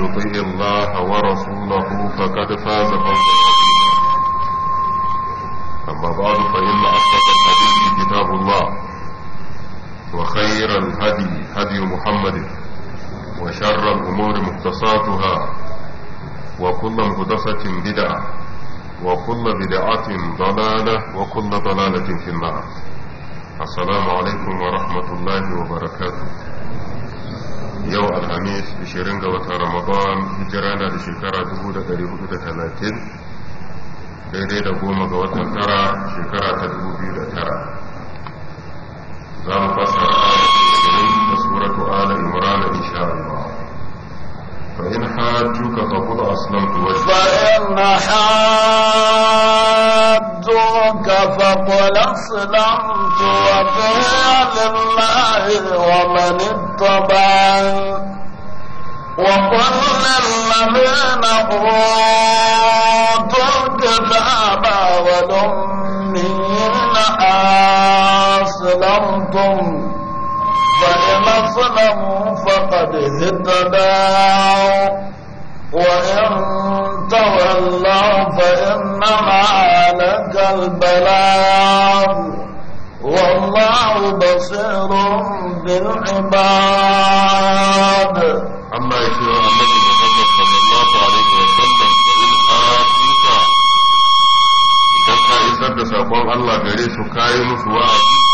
يطيع الله ورسوله فقد فاز فوزا أما بعد فإن أصدق الحديث كتاب الله وخير الهدي هدي محمد وشر الأمور مختصاتها وكل مختصة بدعة وكل بدعة ضلالة وكل ضلالة في النار السلام عليكم ورحمة الله وبركاته yau alhamis 20 ga watan ramadan hijira na da shekara talatin, daidai da goma ga watan tara shekara ta tara. za mu fasa ayatun da suratu ala imran insha Allah فإن حاجوك فقل أسلمت وجهي فإن حاجوك نسوك فقل أسلمت وجهي لله ومن اتبعني وقل للذين أوتوا الكتاب والأمين أسلمتم فإن أسلموا فقد اهتدوا وإن تولوا فإنما لك البلاغ والله بصير بالعباد أما يشير النبي محمد صلى الله عليه وسلم إن آتيك إذا كان إذا تسافر الله gare su kayi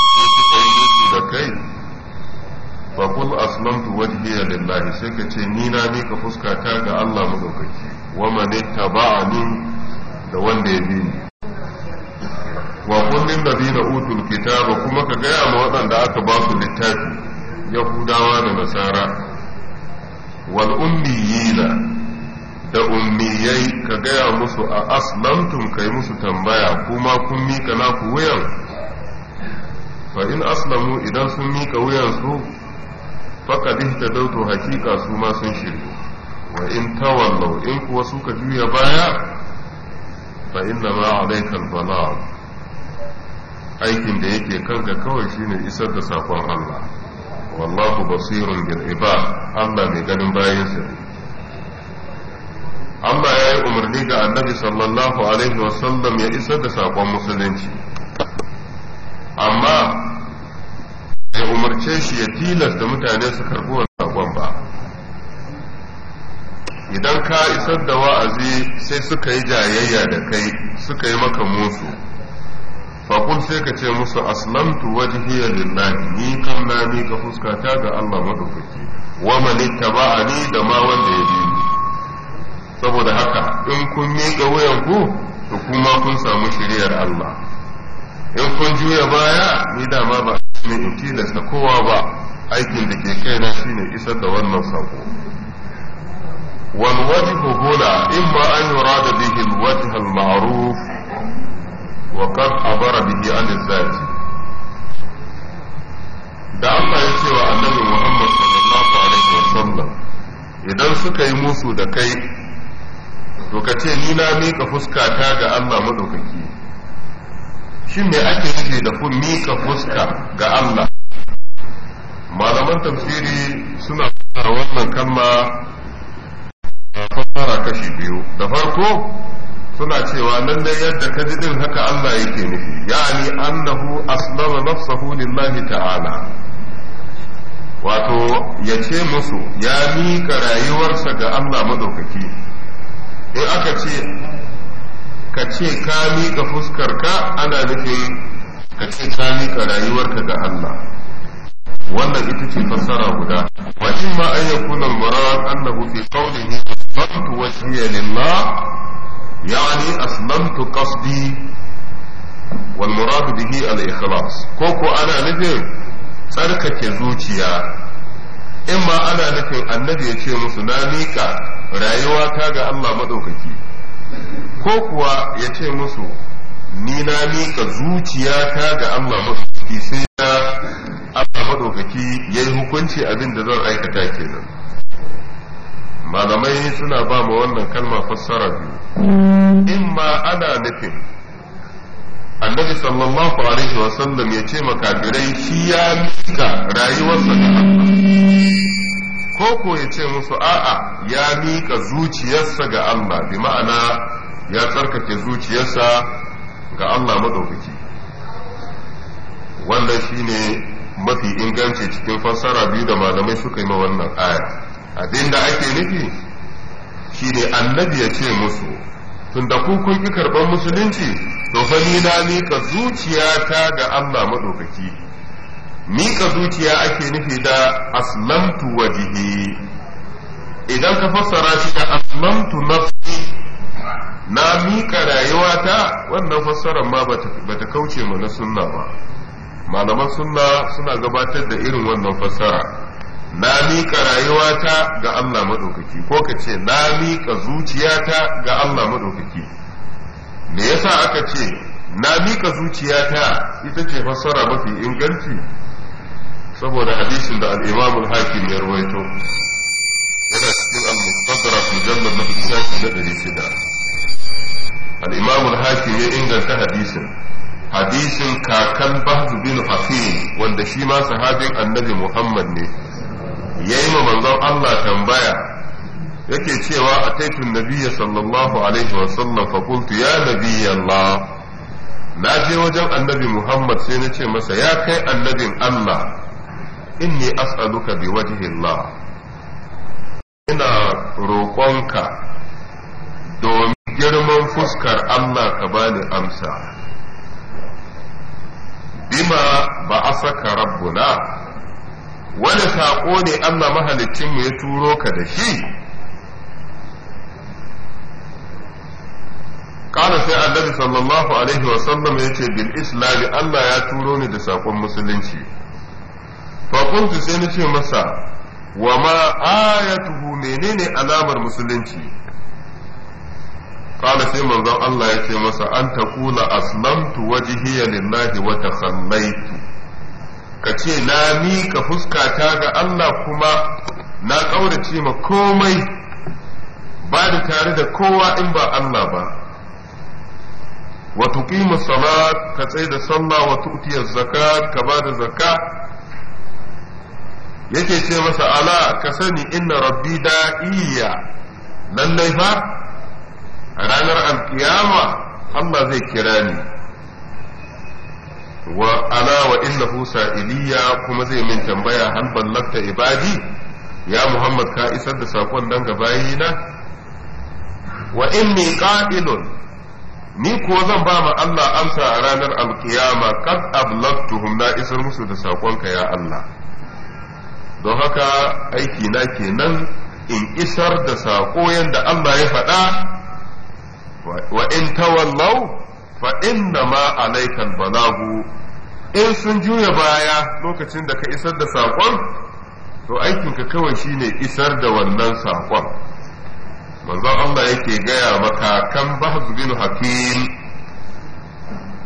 faƙul wajen wajhiya lillahi sai ka ce ni na mika fuskata ga Allah madaukaki wa man ittaba'ani da wanda ya bi ni wa kullin kitaba kuma ka gaya ma waɗanda aka ba su littafi yahudawa da nasara wal ummiyina da ummiyai ka gaya musu a ka kai musu tambaya kuma kun mika naku wuyan fa in aslamu idan sun mika wuyansu faqad ihtadawtu haqiqa su ma sun shiryu wa in tawallaw in kuwa suka juya baya fa inna ma alayka al aikin da yake kanka kawai shine isar da sakon Allah wallahu basirun bil ibad Allah mai ganin bayansa Allah ya yi umarni ga annabi sallallahu alaihi wasallam ya isar da sakon musulunci amma umarce shi ya tilasta mutane su karɓi wa sakon ba idan ka isar da wa'azi sai suka yi jayayya da kai suka yi maka musu fakul sai ka ce musu aslamtu wajhiya lillahi ni kam na ni ka fuskata ga Allah madaukaki wa man ittaba'ani da ma wanda ya bi saboda haka in kun miƙa wuyanku to kuma kun samu shiriyar Allah in kun juya baya ni dama ba ne in tilasta kowa ba aikin da ke kaina shine isar da wannan sako والوجه هنا إما أن يراد به الوجه wa وقد abara bihi an zati da Allah ya ce wa annabi Muhammad sallallahu alaihi wasallam idan suka yi musu da kai to ka ce ni na miƙa fuskata ga Allah madaukaki shi ne ake nufi da kun mika fuska ga Allah malaman tafsiri suna fara wannan kalma fara kashi biyu da farko suna cewa nan da yadda ka ji din haka Allah yake nufi yani annahu aslama nafsahu lillahi ta'ala wato ya ce musu ya mika rayuwarsa ga Allah madaukaki in aka ce ka ce ka miƙa fuskarka ana nufin ka ce ka miƙa rayuwarka ga Allah wannan ita ce fassara guda wa in ma an yakun al murad annahu fi qawlihi aslamtu wajhiya lillah yani aslamtu qasdi wal murad bihi al ikhlas ko ko ana nufin tsarkake zuciya in ma ana nufin annabi ya ce musu na miƙa rayuwata ga Allah madaukaki ko kuwa ya ce musu ni na miƙa zuciyata ga Allah mafi sai na Allah maɗaukaki ya yi hukunci abin da zan aikata kenan malamai suna ba ma wannan kalma fassara biyu In ma ana nufin annabi sallallahu alaihi sallam ya ce makafirai shi ya miƙa rayuwarsa ga Allah ko ya ce musu a'a ya miƙa zuciyarsa ga Allah bi ma'ana ya tsarkake zuciyarsa ga Allah maɗaukaki wannan shine mafi inganci cikin fassara biyu da malamai suka yi ma wannan aya abin da ake nufi shine annabi ya ce musu tunda ku kun ki karɓar musulunci to fa ni na mika zuciyata ga Allah maɗaukaki mika zuciya ake nufi da aslamtu wajihi idan ka fassara shi da aslamtu nafsi na miƙa rayuwata wannan fassarar ma ba ta kauce ma na sunna ba malaman sunna suna gabatar da irin wannan fassara na miƙa rayuwata ga Allah maɗaukaki ko ka ce na miƙa zuciyata ga Allah maɗaukaki me yasa aka ce na miƙa zuciyata ita ce fassara mafi inganci saboda hadisin da al'imamul hakim ya rawaito yana cikin al-mustadrak mujallal na shida. al-imam al ya inganta hadisin hadisin kakan bahz bin hakim wanda shi ma sahabin annabi muhammad ne yayi ma manzon Allah tambaya yake cewa ataitu nabiyya sallallahu alaihi wa sallam fa ya nabiyya Allah na je wajen annabi muhammad sai na ce masa ya kai annabin Allah inni as'aluka bi wajihin La. ina roƙonka domin girman fuskar Allah ka bani amsa bima ba a saka rabbuna wani saƙo ne Allah mahalicinmu ya turo ka da shi ƙara sai annabi sallallahu alaihi wasallam ya ce bil islami Allah ya turo ni da saƙon musulunci faƙuntu sai na ce masa wa ma ayatuhu menene alamar musulunci قال سي منزل الله يتي مسا أن تقول أسلمت وجهي لله وتخليت كتي لا ميك فسكا تاغا الله كما نا قورتي ما كومي بعد تارد كوا إن با الله با وتقيم tuqimu salat ka tsaye da sallah wa tu'ti zakat ka ba da zakka yake ce masa ala ka sani ranar alkiyama Allah zai kira ni wa ala wa innahu sa'iliya kuma zai min tambaya hal ballagta ibadi ya Muhammad ka isar da sakon dan ga bayina wa inni qa'ilun ni kuwa zan ba ma Allah amsa a ranar alkiyama qad ablagtuhum na isar musu da sakonka ya Allah don haka aiki na kenan in isar da sako yadda Allah ya faɗa wa in tawallau fa inna ma alaikal balagu in sun juya baya lokacin da ka isar da saƙon to aikinka kawai shine isar da wannan saƙon manzo Allah yake gaya maka kan bahz bin hakim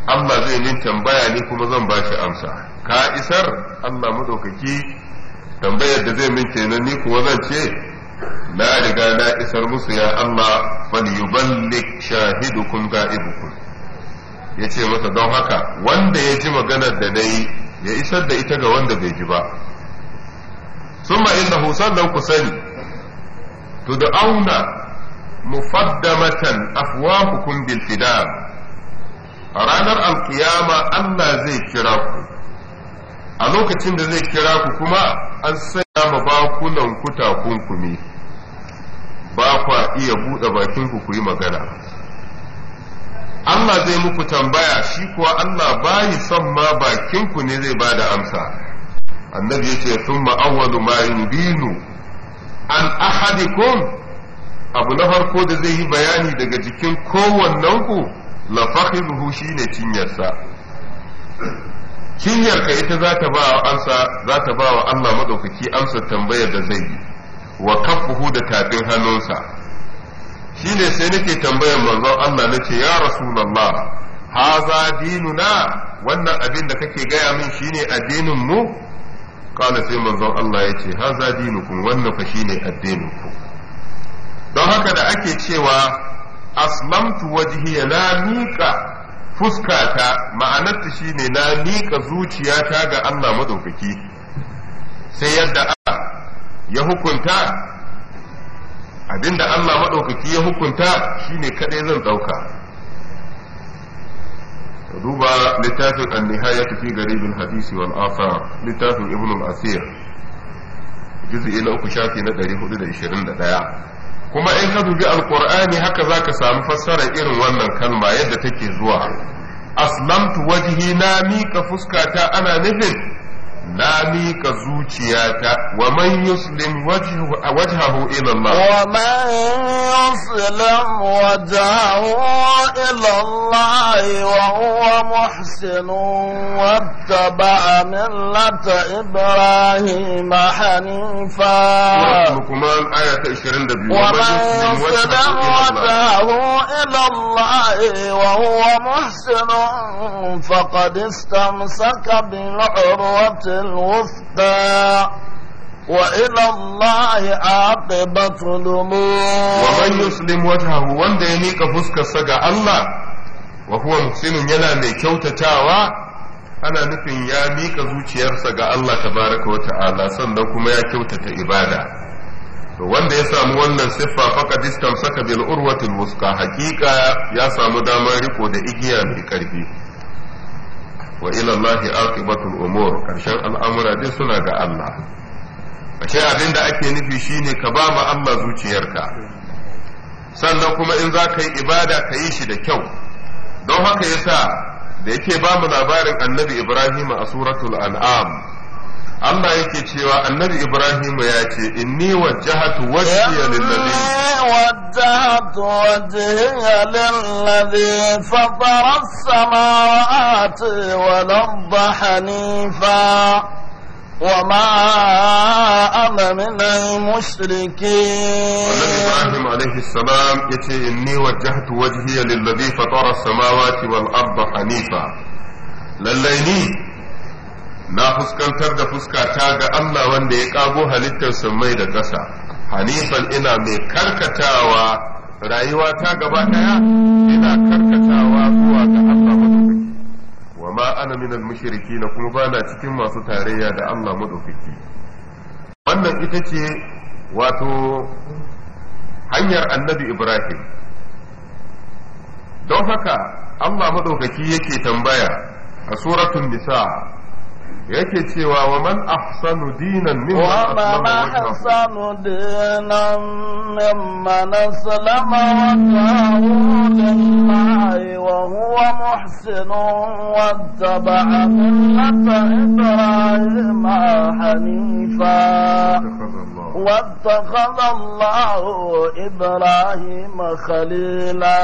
Allah zai min tambaya ni kuma zan ba shi amsa ka isar Allah madaukaki tambayar da zai min kenan ni kuwa zan ce na riga na isar musu ya Allah falyuballik shahidukum ga'ibukum yace masa don haka wanda ya ji maganar da nayi ya isar da ita ga wanda bai ji ba summa innahu sallan ku sani tud'auna mufaddamatan afwahukum bil fidam a ranar alkiyama Allah zai kira ku a lokacin da zai kira ku kuma an sanya ma bakunan ku kunkumi ba kwa iya buɗe bakinku ku yi magana Allah zai muku tambaya shi kuwa Allah yi son ma bakinku ne zai bada amsa annabi ya ce sun ma'awwalu ma yubinu an ahadikum abu na farko da zai yi bayani daga jikin kowannenku lafahizuhu shi ne cinyarsa cinyarka ita za ta ba wa amsa Allah madaukaki amsa tambayar da zai yi wa kafuhu da tafin hannunsa shine sai nake tambayar manzon Allah nace ya rasulullah haza dinuna wannan abin da kake gaya min shine addinin mu kana sai manzon Allah ya ce haza dinukum wannan fa shine addinin ku don haka da ake cewa aslamtu wajhiya la miƙa fuskata ma'anarta shine na miƙa zuciyata ga Allah madaukaki sai yadda ya hukunta abinda Allah maɗaukaki ya hukunta shine kaɗai zan ɗauka duba littafin annihayatu fi garibin hadisi wal athar littafin ibn al-asir juz'i na uku shafi na 421 kuma in ka dubi alqur'ani haka zaka samu fassara irin wannan kalma yadda take zuwa aslamtu wajhi na mika fuskata ana nufin na miƙa zuciyata wa man yuslim wajhahu ila Allah wa man yuslim wajhahu ila Allah wa huwa muhsinun wattaba'a millata ibrahim hanifa Luqman aya ta 22 wa man yuslim wajhahu ila Allah wa huwa muhsinun faqad istamsaka bil 'urwati الوسطى وإلى الله عاقبة الأمور ومن يسلم وجهه وند يميك فسك سجى الله وهو محسن يلا مي تاوى أنا نفين يا ميك زوجي يرسق الله تبارك وتعالى صندوق ما كوتة إبادة wanda ya samu wannan siffa faka faqad saka bil urwatil wuska hakika ya samu damar riko da igiya mai karfi wa ilallahi aqibatul umur karshen al'amura dai suna ga Allah ashe abin da ake nufi shine ka ba ma Allah zuciyarka sannan kuma in za ka yi ibada ka yi shi da kyau don haka yasa da yake ba mu labarin annabi Ibrahim a suratul an'am Allah yake cewa annabi Ibrahim ya ce inni wajjahatu wajhiya lillazi wajjahatu wajhiya lillazi fatara as-samawati wal arda hanifa وما أنا من المشركين إبراهيم عليه السلام يتي إني وجهت وجهي للذي فطر السماوات والأرض حنيفا na fuskantar da fuska ta ga Allah wanda ya kago halittar mai da ƙasa hanifan ina mai karkatawa rayuwa ta gaba daya ina karkatawa zuwa ga Allah madaukaki wa ma ana minal mushriki na kuma ba na cikin masu tarayya da Allah madaukaki wannan ita ce wato hanyar annabi ibrahim don haka Allah madaukaki yake tambaya a suratul nisa yake cewa wa man ahsanu dinan mimman aslama ahsanu dinan mimman wa wajhahu lillahi wa huwa wa wattaba'a millata ibrahim hanifa واتخذ الله إبراهيم خليلا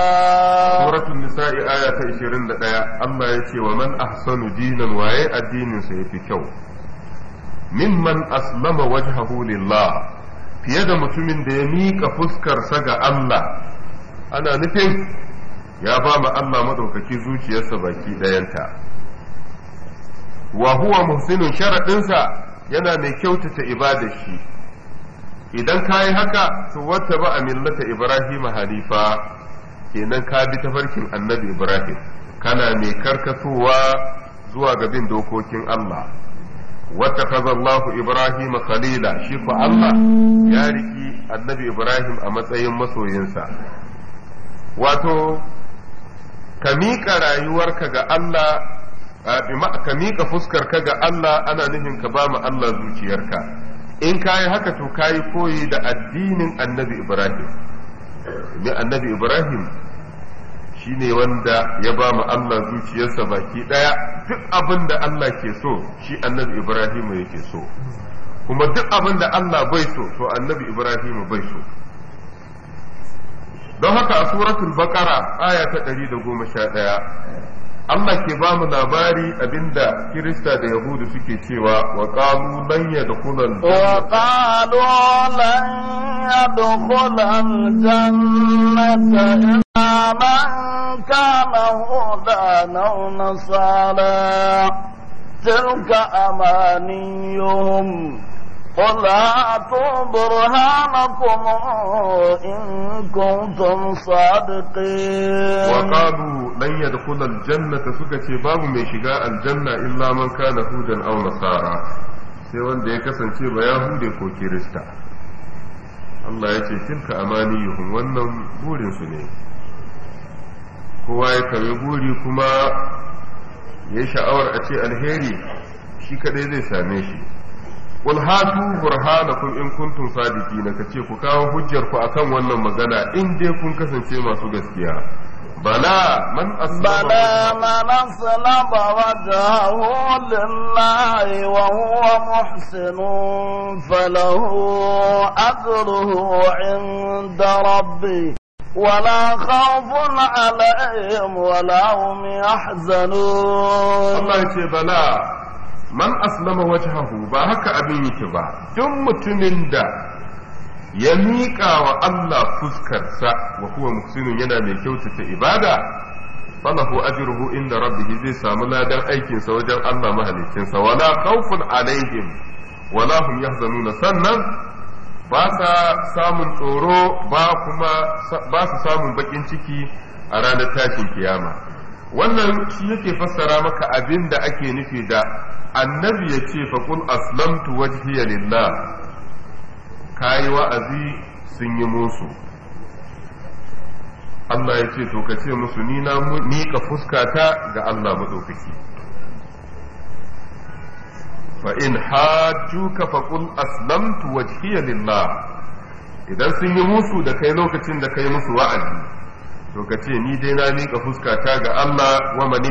سورة النساء آية 21 الله يشي ومن أحسن دينا وعي الدين سي da ya fi kyau mimman aslama wajhahu lillah fiye da mutumin da ya miƙa fuskarsa ga Allah ana nufin ya ba ma Allah madaukaki zuciyarsa baki ɗayanta wa huwa muhsinun sharaɗinsa yana mai kyautata ibadar shi idan ka yi haka to wata ba a millata ibrahim halifa kenan ka bi tafarkin annabi ibrahim kana mai karkatowa zuwa ga bin dokokin Allah wata kaza Allah Ibrahim Khalila shi Allah ya riki annabi Ibrahim a matsayin masoyinsa wato ka miƙa rayuwarka ka miƙa fuskarka ga Allah ana nufin ka ba Allah zuciyarka in ka yi haka to ka yi koyi da addinin annabi annabi Ibrahim Shi ne wanda ya ba mu Allah zuciyarsa baki ɗaya duk abin da Allah ke so shi annabi Ibrahim yake so kuma duk abin da Allah bai so to annabi Ibrahim bai so don haka a suratul baqara aya ta 111 Allah ke ba mu labari abinda Kirista da Yahudu suke cewa wa qalu lan yadkhulal al jannata من كان هدى أو نصارى تلك أمانيهم قل هاتوا برهانكم إن كنتم صادقين وقالوا لن يدخل الجنة سكتي باب من شقاء الجنة إلا من كان هودا أو نصارى سيوان wanda ya kasance ba yahude ko kirista Allah ya ce tilka amaniyuhum wannan burinsu ne kowa ya kame buri kuma ya sha'awar a ce alheri shi kadai zai same shi qul hatu burhanakum in kuntum sadiqina kace ku kawo hujjar ku akan wannan magana in dai kun kasance masu gaskiya man من أسلم بلى salaba أسلم وجهه wa huwa muhsinun falahu أجره inda rabbi ولا خوف عليهم ولا هم يحزنون الله يتي بلا من أسلم وجهه باهك أبي يتبع دم تمند يميك والله سا وهو محسن ينا من كوتة إبادة فله أجره إن ربه زي ساملا دان أيكين سوجا الله مهلكين ولا خوف عليهم ولا هم يحزنون سنن ba sa samun tsoro ba kuma ba su samun bakin ciki a ranar tashin kiyama wannan shi yake fassara maka abin da ake nufi da annabi ya ce faƙul aslamtu wajhiya lillah kayi wa'azi sun yi musu Allah ya ce to ka ce musu ni na miƙa fuskata ga Allah maɗaukaki fa in hajjuka fa qul aslamtu wajhiya lillah idan sun yi musu da kai lokacin da kai musu wa'azi to ka ce ni dai na miƙa fuskata ga Allah wa man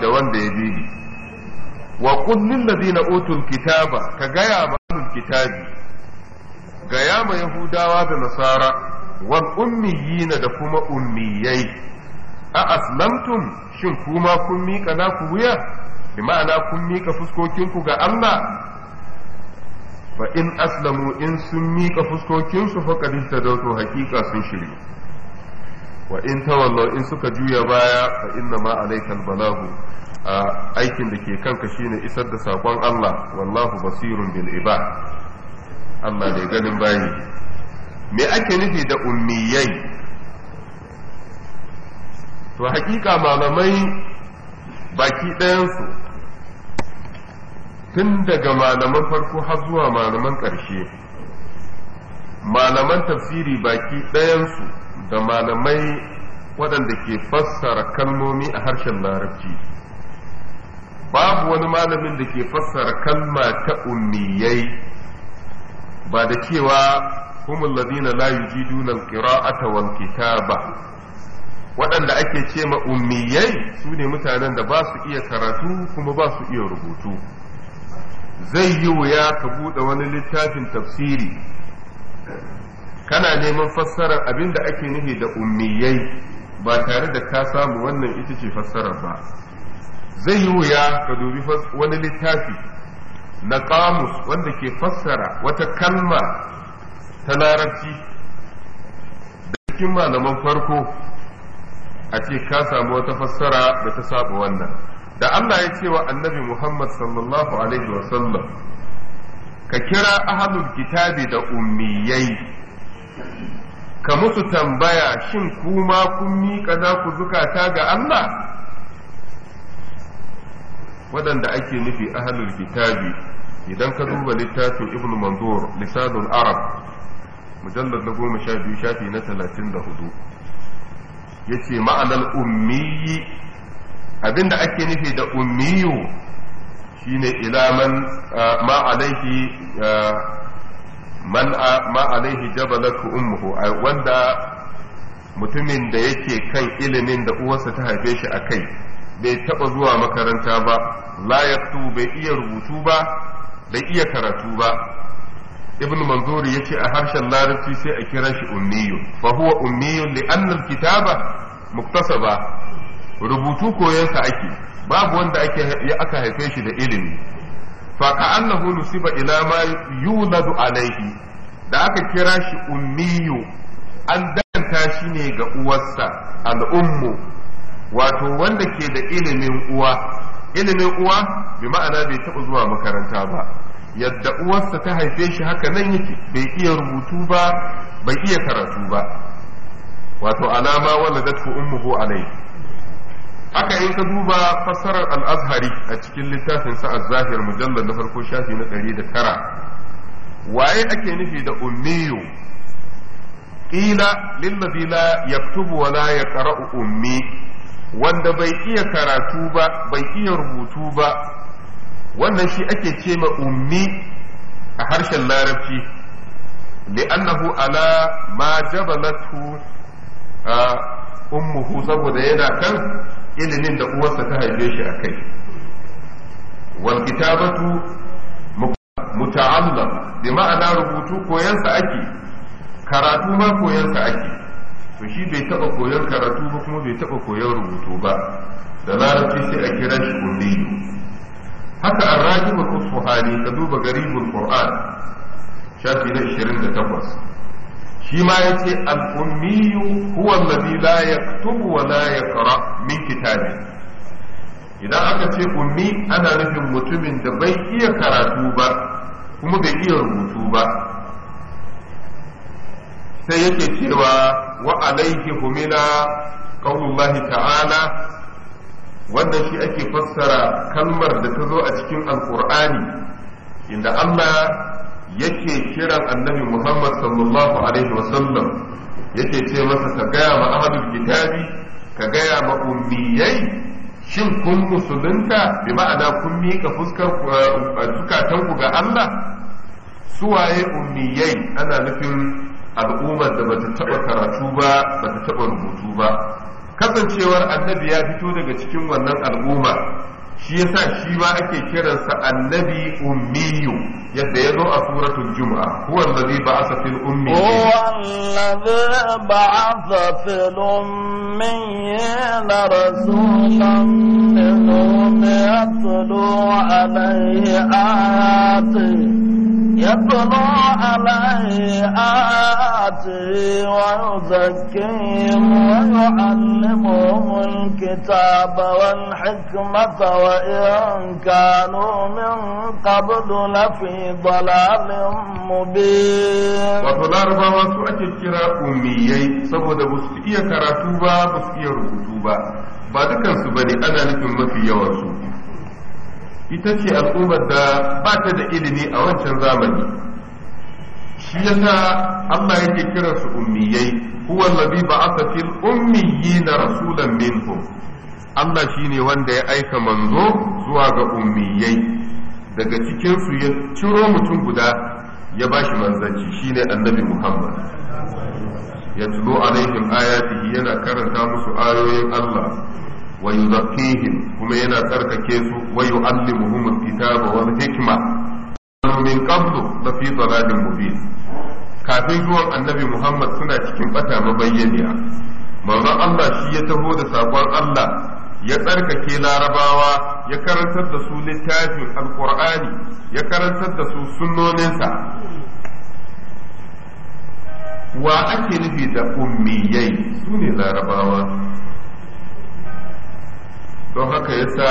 da wanda ya bi ni wa qul lil ladina utul kitaba ka gaya ma amin kitabi gaya ma yahudawa da nasara wal ummiyina da kuma ummiyai a aslamtum shin kuma kun miƙa naku wuya bi ma'ana kun miƙa fuskokinku ga Allah fa in aslamu in sun miƙa fuskokinsu faqad ihtadawtu hakika sun shiryu wa in tawallo in suka juya baya fa inna ma alaikal Balahu. a aikin da ke kanka shine isar da sakon Allah wallahu basirun bil ibad Allah ne ganin bayi me ake nufi da ummiyai to hakika malamai baki ɗayansu tun daga malaman farko har zuwa malaman ƙarshe malaman tafsiri baki ɗayansu da malamai waɗanda ke fassara kalmomi a harshen larabci babu wani malamin da ke fassara kalma ta ummiyai ba da cewa humul ladina la yujiduna alqira'ata wal kitaba waɗanda ake ce ma ummiyai su ne mutanen da ba su iya karatu kuma ba su iya rubutu zai yi wuya ka buɗe wani littafin tafsiri kana neman fassarar abin da ake nufi da ummiyai ba tare da ka samu wannan ita ce fassarar ba zai yi wuya ka dubi wani littafi na kamus wanda ke fassara wata kalma ta larabci da cikin malaman farko a ce ka samu wata fassara da ta saba wannan da Allah ya ce wa annabi Muhammad sallallahu alaihi wasallam ka kira ahlul kitabi da ummiyai ka musu tambaya shin kuma kun miƙa za ku zukata ga Allah waɗanda ake nufi ahlul kitabi idan ka duba littafin ibn manzur lisanul arab mujallar na goma sha biyu shafi na talatin da hudu ya ce ma'anar ummiyi Abin da ake nufi da ummiyu shine ila man ma alaihi man ma alaihi jabalatu ummuhu wanda mutumin da yake kan ilimin da uwarsa ta haife shi a kai bai taba zuwa makaranta ba la yaktu bai iya rubutu ba bai iya karatu ba ibn manzuri yace a harshen larabci sai a kira shi ummiyu fa huwa ummiyu li anna al-kitaba muktasaba rubutu sa ake babu wanda ake aka haife shi da ilimi fa ka'annahu nusiba ila ma yuladu alaihi da aka kira shi ummiyu an danta shi ne ga uwarsa al'ummu wato wanda ke da ilimin uwa ilimin uwa bi ma'ana bai taɓa zuwa makaranta ba yadda uwarsa ta haife shi haka nan yake bai iya rubutu ba bai iya karatu ba wato alama waladat ummuhu alaihi haka in ka duba fassarar al a cikin littafin sa az-zahir mujallal na farko shafi na ɗari da tara. waye ake nufi da ummiyu qila lillazi la yaktubu wa la ƙara ummi wanda bai iya karatu ba bai iya rubutu ba wannan shi ake ce ma ummi a harshen larabci li'annahu ala ma jabalatu ah, ummuhu saboda yana kan ilimin da uwarsa ta haife shi a kai wal kitabatu muta'allam bi ma'ana rubutu sa ake karatu ma sa ake to shi bai taba koyon karatu ba kuma bai taba koyon rubutu ba da larabci sai a kira shi kulliyu haka arrajibul usfuhani ka duba garibul qur'an shafi na 28 shi ma ya ce al'ummiyu huwa alladhi la yaktubu wa la yaqra min kitabi idan aka ce ummi ana nufin mutumin da bai iya karatu ba kuma bai iya rubutu ba sai yake cewa wa alaihi humila qaulullahi ta'ala wannan shi ake fassara kalmar da ta zo a cikin Al'ƙur'ani, inda Allah yake kiran annabi Muhammad sallallahu alaihi wasallam yake ce masa ka gaya ma ahadul kitabi ka gaya ma ummiyai shin kun musulunta bi ma'ana kun mika fuskar eh, zukatanku ga Allah Su waye ummiyai ana nufin al'ummar da bata taba karatu ba bata taba rubutu ba kasancewar annabi ya fito daga cikin wannan al'umma shi yasa shi ma ake kiransa annabi ummiyu yadda ya zo a suratul jumu'a huwa allazi ba'atha fil ummiyyin huwa allazi ba'atha fil ummiyyin rasulan minhum yatlu alayhi ayatihi يتلو عليه آياتي ويزكيهم ويعلمهم الكتاب والحكمة وإن كانوا من قبل لفي ضلال مبين وضلال بابا سؤال كرا أميي سبود بسئية كراتوبا بسئية ركتوبا بعد كان سبني أنا لكم ما في يوم ita ce al'ummar da ba ta da ilimi a wancan zamani shi yasa Allah yake kira su ummiyai huwa allazi ba'atha fil ummiyina rasulan minhum Allah shine wanda ya aika manzo zuwa ga ummiyai daga cikin su ya ciro mutum guda ya bashi manzanci shine annabi Muhammad yatlu alaihim ayatihi yana karanta musu ayoyin Allah wa yuzakkihim kuma yana tsarkake su wa yu'allimuhum alkitaba wal hikma min qablu kafin zuwan annabi Muhammad suna cikin bata mabayyaniya manzon Allah shi ya taho da sakon Allah ya tsarkake larabawa ya karantar da su littafin alkur'ani ya karantar da su sunnoninsa wa ake nufi da ummiyai su ne larabawa don haka yasa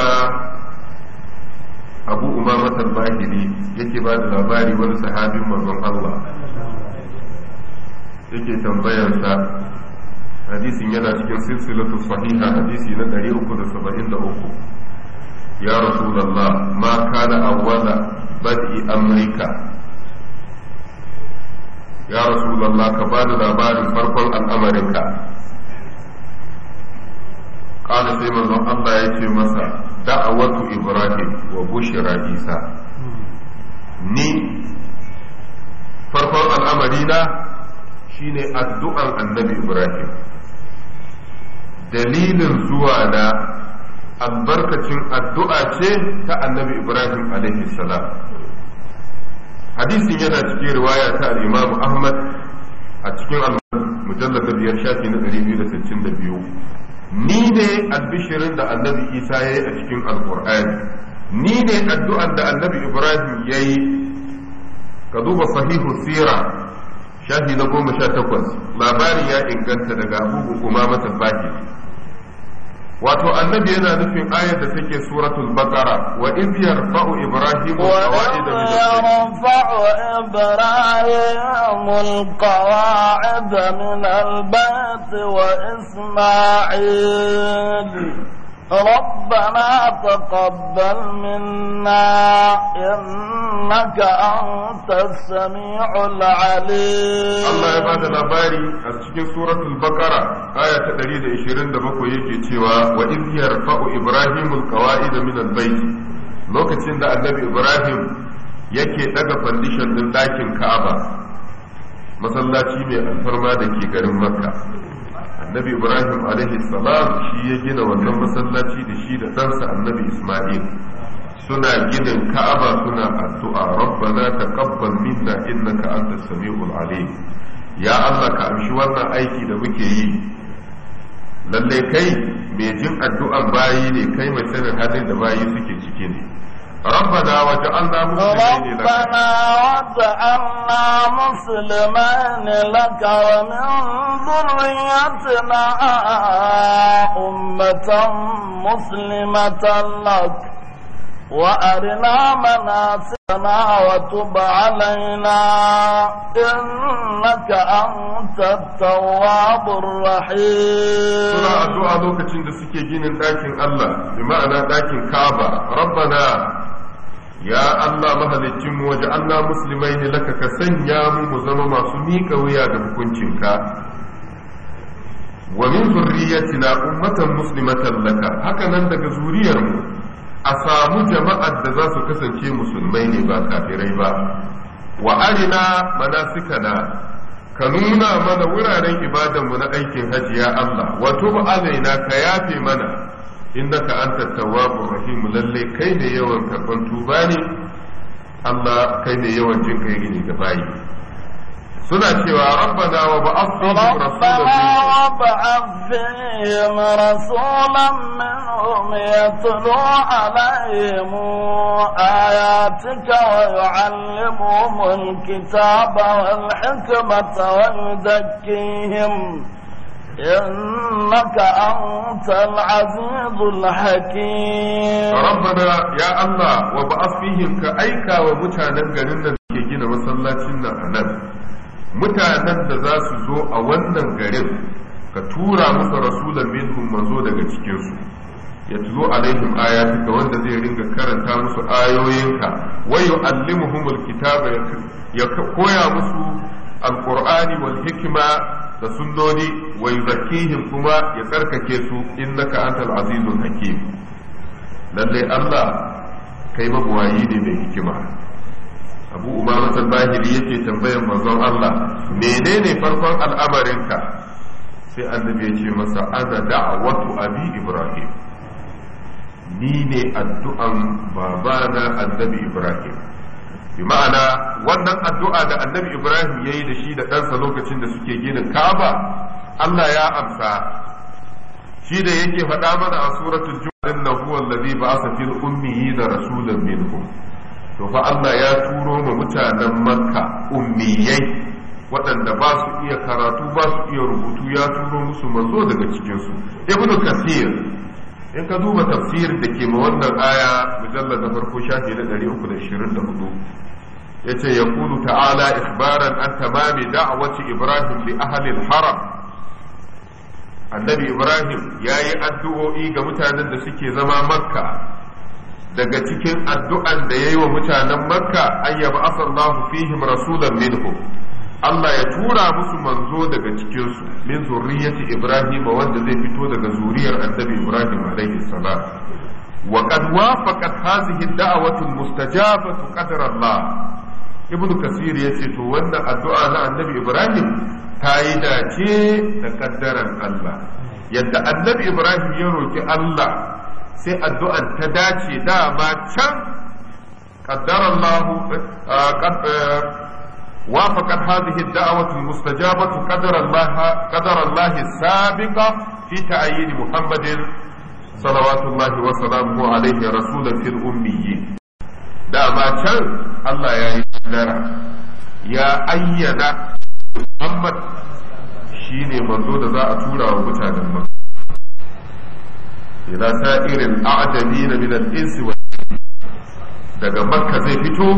abu umar al bahiri yake ba da labari wani sahabin mazan Allah yake tambayarsa hadisin yana cikin silsilatu sahiha hadisi na 373 ya rasulullah ma kana awwala bad'i amrika ya Allah ka ba da labarin farkon al'amarinka قال سيما زون الله يتي مسا دعوة إبراهيم وبشرى عيسى ني فرفر الأمرين shine addu'ar annabi Ibrahim dalilin zuwa na albarkacin addu'a ce ta annabi Ibrahim alaihi salam hadisin yana cikin riwaya ta al'imamu Ahmad a cikin al-mujallar da biyar shafi na 262 albishirin da annabi isa ya yi a cikin alkur'ani ni ne addu'ar da annabi ibrahim ya yi ka duba sahihu sira shahi na goma sha takwas labari ya inganta daga abubu umama tafahiri wato annabi yana nufin ayar da take suratul baqara wa iz yarfa'u ibrahim qawaid min yarfa'u ibrahim al qawaid min al albayt wa isma'il ربنا تقبل منا إنك أنت السميع العليم الله يبعد الأباري أتشكي سورة البقرة آية تدريد إشيرين دمكو يكي تيوا وإذ يرفع إبراهيم القواعد من البيت لوكتين دا النبي إبراهيم yake daga fandishan din ɗakin Ka'aba masallaci mai alfarma da ke garin Makka annabi ibrahim alaihi salam shi ya gina wannan masallaci da shi da ɗansa annabi isma'il suna ginin ka'aba suna addu'a rabbana taqabbal minna innaka antas samiul alim ya Allah ka amshi wannan aiki da muke yi lalle kai mai jin addu'ar bayi ne kai mai sanin halin da bayi suke ciki ne ربنا وجعلنا مسلمين لك ربنا مسلمين لك ومن ذريتنا أمة مسلمة لك وأرنا مناسكنا وتب علينا إنك أنت التواب الرحيم سنة أدعى لوكة جين دسكي جين داكن الله بمعنى داكن كعبة ربنا ya Allah mu waje Allah musulmai ne laka ka sanya mu mu zama masu miƙa wuya da hukuncinka wa min zurriyatina ummatan muslimatan laka haka nan daga zuriyarmu a samu jama'ar da za su kasance musulmai ne ba kafirai ba wa arina manasikana ka nuna mana wuraren mu na aikin haji ya Allah wato ba alaina ka yafe mana innaka anta tawwabur rahim lalle kai ne yawan karban tuba ne Allah kai ne yawan jin kai ne ga bayi suna cewa rabbana wa ba'athna rabbana wa rasulan minhum yatlu alaihim ayatika wa yu'allimuhum alkitaba wal hikmata wa yuzakkihim إنك أنت العزيز الحكيم ka aika wa mutanen garin nan ومتانا غرنا كيجينا مسلاتنا nan. mutanen da za su zo a wannan garin ka tura musu rasulan minhum manzo daga cikinsu ya tuzo alaihim ayatuka wanda zai ringa karanta musu ayoyinka wa yu'allimuhumul kitaba ya koya musu alqur'ani wal hikma da sunnoni wa yuzakkihim kuma ya tsarkake su innaka antal azizul hakim lalle Allah kai mabuwayi ne mai hikima abu al bahiri yake tambayar manzon Allah menene farkon al'amarinka sai annabi ya ce masa ana da'watu abi ibrahim ni ne addu'an babana annabi ibrahim bi ma'ana wannan addu'a da annabi ibrahim ya yi da shi da ɗansa lokacin da suke ginin kaba allah ya amsa shi da yake faɗa mana a suratul jumu'in na huwa alladhi ba'atha fil ummiyi da rasulan minhum to fa allah ya turo ma mutanen makka ummiyai waɗanda ba su iya karatu ba su iya rubutu ya turo musu manzo daga cikinsu ibnu kasir in ka duba tafsir da ke ma wannan aya mujallar na farko shafi na ya yace yaqulu ta'ala ikhbaran an tamami da'wati ibrahim li ahalin haram annabi ibrahim yayi addu'o'i ga mutanen da suke zama makka daga cikin addu'an da yi wa mutanen makka ayyaba asallahu fihim rasulan minhum Allah ya tura musu manzo daga cikinsu min zurriyati Ibrahim wanda zai fito daga zuriyar annabi Ibrahim alaihi salam wa qad wafaqat hadhihi ad-da'watu mustajabatu qadra Allah Ibn Kasir yace to wannan addu'a na annabi Ibrahim ta yi dace da kaddaran Allah yadda annabi Ibrahim ya roki Allah sai addu'ar ta dace dama can qaddara Allah eh, eh, وافقت هذه الدعوة المستجابة قدر الله قدر الله السابق في تأييد محمد صلوات الله وسلامه عليه رسولا في الأميين دعما كان الله يا إشارة يا أينا محمد شيني منذ ذا أتورا ومتانا المنزل ila sa'irin a'jami na minal insi wa daga makka zai fito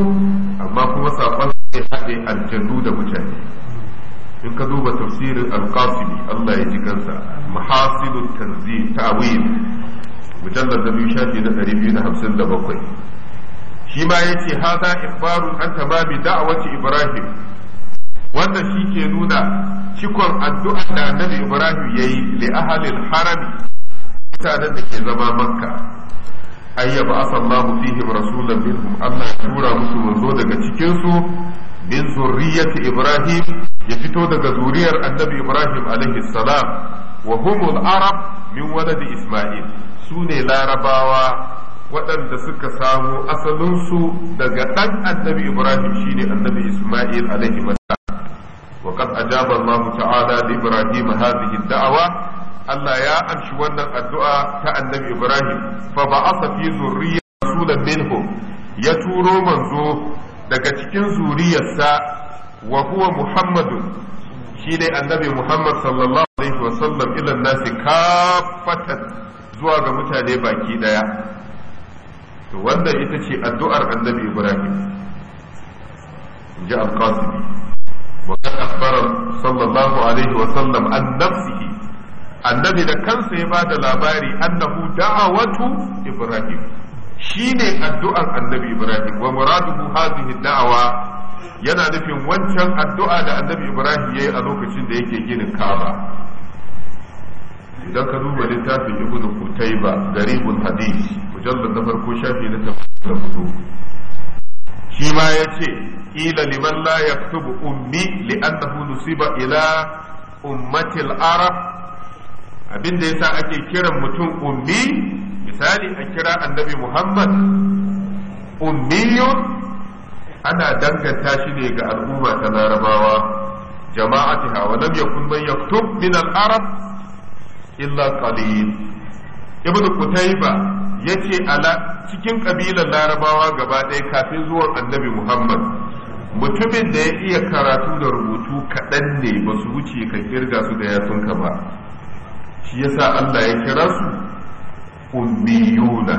amma kuma sakon zai haɗe aljannu da mutane in ka duba tafsirin alƙasimi Allah ya ji kansa mahasinu tanzil ta'wil mujallar da biyu shafi na ɗari biyu da hamsin da bakwai shi ma ya ce haza ikbarun an tamami da'awati ibrahim wannan shi ke nuna cikon addu'a da annabi ibrahim ya yi li ahalil harami mutanen da ke zama makka ayyaba asallahu fihim rasulan minhum Allah ya tura musu manzo daga cikin su min zurriyyati ibrahim ya fito daga zuriyar annabi ibrahim alaihi salam wa humul arab min waladi isma'il su ne larabawa waɗanda suka samo asalinsu daga ɗan annabi ibrahim shine annabi isma'il alaihi salam wa qad ajaba allah ta'ala li ibrahim hadhihi da'awa Allah ya amshi wannan addu'a ta annabi Ibrahim fa ba'atha fi zurriyya rasulan minhu ya turo manzo daga cikin zuriyarsa wa huwa muhammadun shi ne annabi muhammad sallallahu alaihi wa wasallam ilan nasi kafatan zuwa ga mutane baki daya to wanda ita ce addu'ar annabi ibrahim in ji alqasimi wa kan akbara sallallahu alaihi wa sallam an nafsihi annabi da kansa ya ba da labari annahu da'awatu ibrahim shine addu'ar annabi ibrahim wa muraduhu hadhihi da'wa yana nufin wancan addu'a da annabi ibrahim yayi a lokacin da yake ginin kaba idan ka duba littafin ibn kutaiba garibul hadith mujallad na farko shafi na tafiya shi ma ya ce liman la yaktubu ummi li'annahu nusiba ila ummatil arab abinda yasa ake kiran mutum ummi misali a kira annabi muhammad ummiyun ana danganta shi ne ga al'umma ta larabawa jama'atiha wa lam yakun man yaktub min al-arab illa qalil ibn qutayba yace ala cikin kabilar larabawa gaba ɗaya kafin zuwan annabi muhammad mutumin da ya iya karatu da rubutu kaɗan ne ba su wuce ka kirga su da yatsunka ba shi yasa allah ya kira su ummiyuna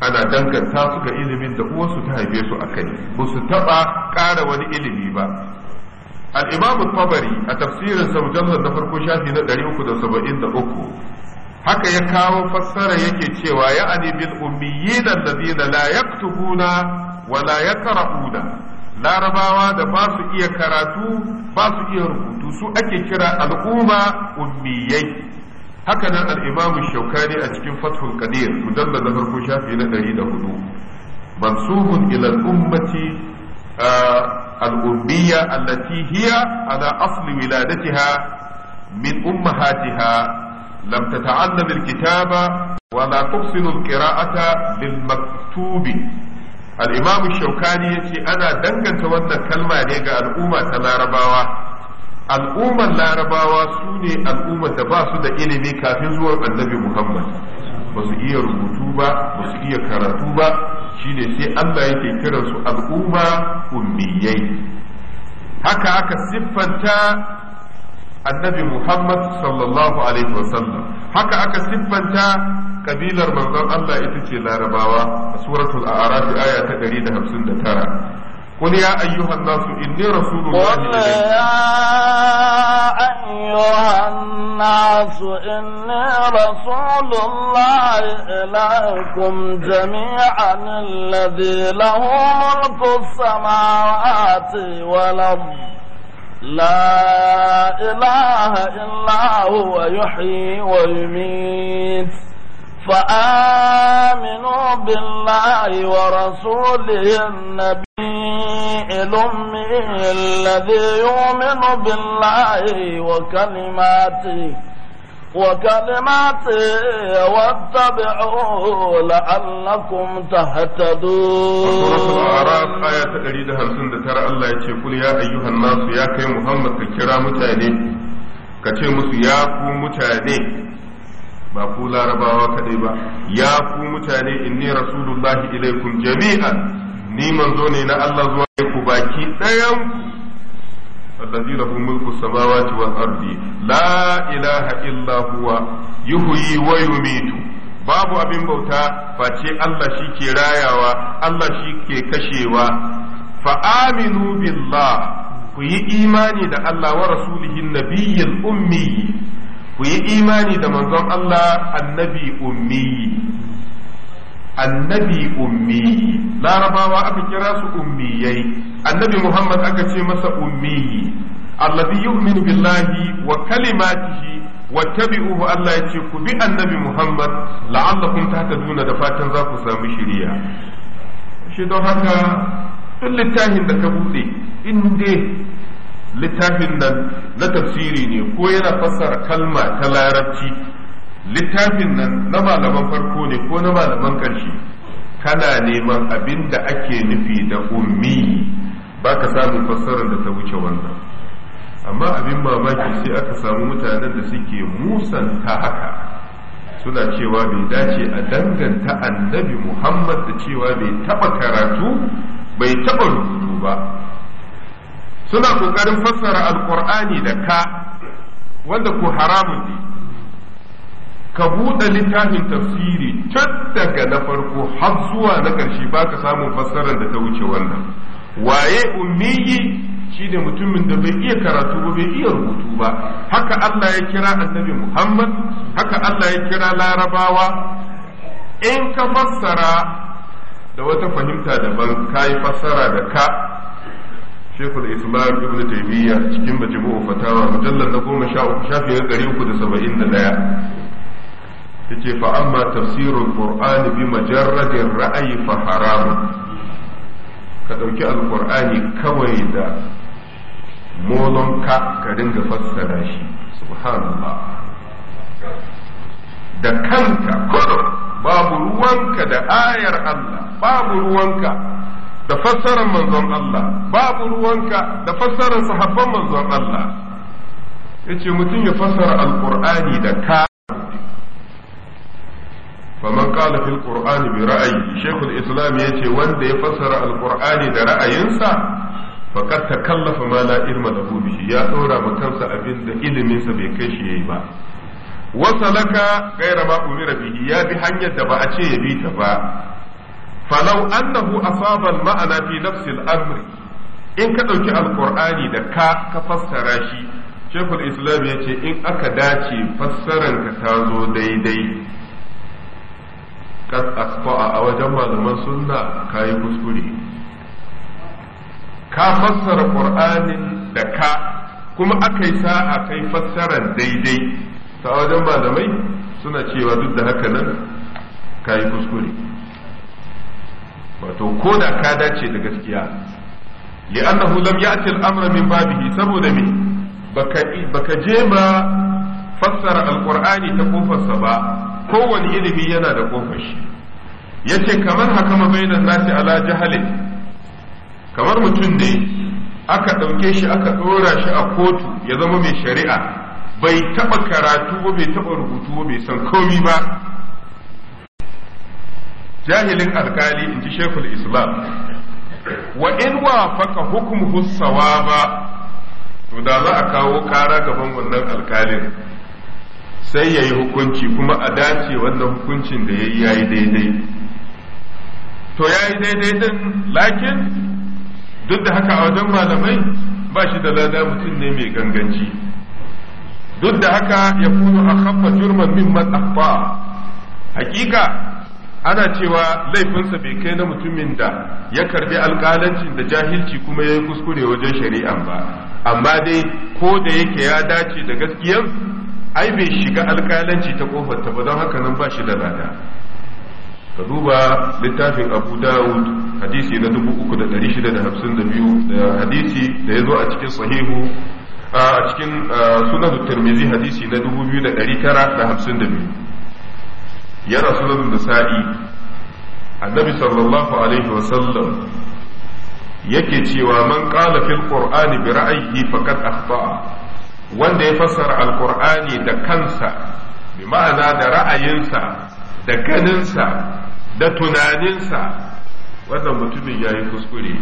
ana danganta su ga ilimin da uwarsu ta haife su a kai ba su taɓa ƙara wani ilimi ba al'imamu tabari a tafsirin mujallar na farko shafi na 373 haka ya kawo fassara yake cewa ya ani bil da allazina layak tuhuna wa layak ra'una larabawa da ba su iya karatu ba su iya rubutu su ake kira al'umma ummiyai haka nan al'imamin shaukani a cikin fathul qadir mujallar da farko shafi na ɗari da hudu mansuhun ilal ummati al’ubbiya allati hiya ala asli wiladatiha min ummahatiha lam tata'allam alkitaba wa la tuhsinu alqira'ata bil maktubi al-imam shaukani ya ce ana danganta wannan kalma ne ga al'umma umma ta larabawa al'ummar larabawa su ne al'ummar da ba su da ilimi kafin zuwan annabi muhammad ba su iya rubutu ba ba su iya karatu ba shine sai allah yake kiransu al'umma ummiyai haka aka siffanta annabi Muhammad sallallahu alaihi wasallam haka aka siffanta kabilar manzon Allah ita ce larabawa a suratul a'raf aya ta 159 قل يا أيها الناس إني رسول الله قل يا أيها الناس إني رسول الله إليكم جميعا الذي له ملك السماوات والأرض لا إله إلا هو يحيي ويميت فآمنوا بالله ورسوله النبي الأمي الذي يؤمن بالله وكلماته وكلماته واتبعوا لعلكم تهتدون الأعراف آية تقريد هرسند ترى الله يقول يا أيها الناس يا كي محمد كرامتاني كتير مسياكو متاني ba ku larabawa kaɗai ba ya ku mutane inni rasulullahi ilaikum jami'a, ni manzo ne na Allah zuwa ku baki dayan alladhi lahu mulku samawati wal ardi la ilaha illa huwa yuhyi wa yumitu babu abin bauta face Allah shi ke rayawa Allah shi ke kashewa fa aminu billah ku yi imani da Allah wa rasulihin nabiyil ummi ku yi imani da manzon Allah annabi ummi annabi ummi larabawa aka kira su ummiyai annabi muhammad aka ce masa ummi alladhi yu'minu billahi wa kalimatihi wattabi'uhu Allah ya ce ku bi annabi muhammad la'allakum tahtaduna da fatan za ku samu shiriya shi don haka duk littafin da ka bude in littafin nan na tafsiri ne ko yana fassara kalma ta larabci littafin nan na malaman farko ne ko na malaman ƙarshe kana neman abin da ake nufi da ummi ba ka samun fassarar da ta wuce wannan amma abin mamaki sai aka samu mutanen da suke musanta haka suna cewa bai dace a danganta annabi muhammad da cewa bai taba karatu bai taba rubutu ba suna ƙoƙarin fassara alkur'ani da ka wanda ku haramun ne ka buɗe littafin tafsiri tun daga na farko har zuwa na ƙarshe ba ka samun fassarar da ta wuce wannan waye ummiyi shine mutumin da bai iya karatu ba bai iya rubutu ba haka Allah ya kira annabi Muhammad haka Allah ya kira larabawa in ka fassara da wata fahimta daban ka yi fassara da ka shekul islam ibn taimiyya cikin majmu'u fatawa mujallar na goma sha uku shafi na ɗari uku da saba'in da ɗaya yace fa amma tafsirul qur'an bi majarradin ra'ayi fa ka ɗauki alqur'ani kawai da molonka ka dinga fassara shi subhanallah da kanka babu ruwanka da ayar Allah babu ruwanka da fassarar manzon Allah babu ruwanka da fassarar sahabban manzon Allah ce mutum ya fassara alqur'ani da ka faman qala fil qur'ani bi ra'ayi shaykhul islam yace wanda ya fassara Alƙur'ani da ra'ayinsa faqad takallafa ma la ilma lahu bihi ya dora ma kansa abin da ilimin sa bai kai shi yayi ba wasalaka gaira ma umira bihi ya bi hanyar da ba a ce ya bi ta ba falau annahu asaba al-ma'ana fi nafsi amri in ka ɗauki alqur'ani da ka ka fassara shi shekul islam ya ce in aka dace fassaran ka zo daidai kad asfa'a a wajen malaman sunna kayi kuskure ka fassara qur'anin da ka kuma aka sa a kai fassaran daidai ta wajen malamai suna cewa duk da haka nan kayi kuskure wato ko da ka dace da gaskiya annahu lam ya'ti al-amra min babihi saboda me baka baka je ma fassara al-qur'ani ta kofarsa ba kowane ilimi yana da kofar shi yace kamar haka ma bainan nasi ala jahalin kamar mutum ne aka ɗauke shi aka ɗora shi a kotu ya zama mai shari'a bai taba karatu ba bai taɓa rubutu ba bai san komi ba jahilin alkali in ji shekul islam wa in wafaka hukmuhu ba. to da za a kawo kara gaban wannan alkalin sai ya yi hukunci kuma a dace wannan hukuncin da ya yi ya yi daidai to ya yi daidai din lakin duk da haka a wajen malamai ba shi da lada mutum ne mai ganganci duk da haka ya kuma a kafa jurman min man hakika ana cewa laifinsa bai kai na mutumin da ya karbi alƙalancin da jahilci kuma ya yi kuskure wajen shari'an ba amma dai ko da yake ya dace da gaskiyan ai bai shiga alƙalanci ta kofar ta ba don haka nan ba shi da lada ka duba littafin abu dawud hadisi na 3652 da hadisi da ya zo a cikin sahihu a cikin sunan turmizi hadisi na 2952 ya rasulun nisa'i annabi sallallahu alaihi wasallam yake cewa man ƙala fil qur'ani bi ra'yihi faqad akhta'a wanda ya fassara alqur'ani da kansa bi ma'ana da ra'ayinsa da ganinsa da tunaninsa wannan mutumin yayi kuskure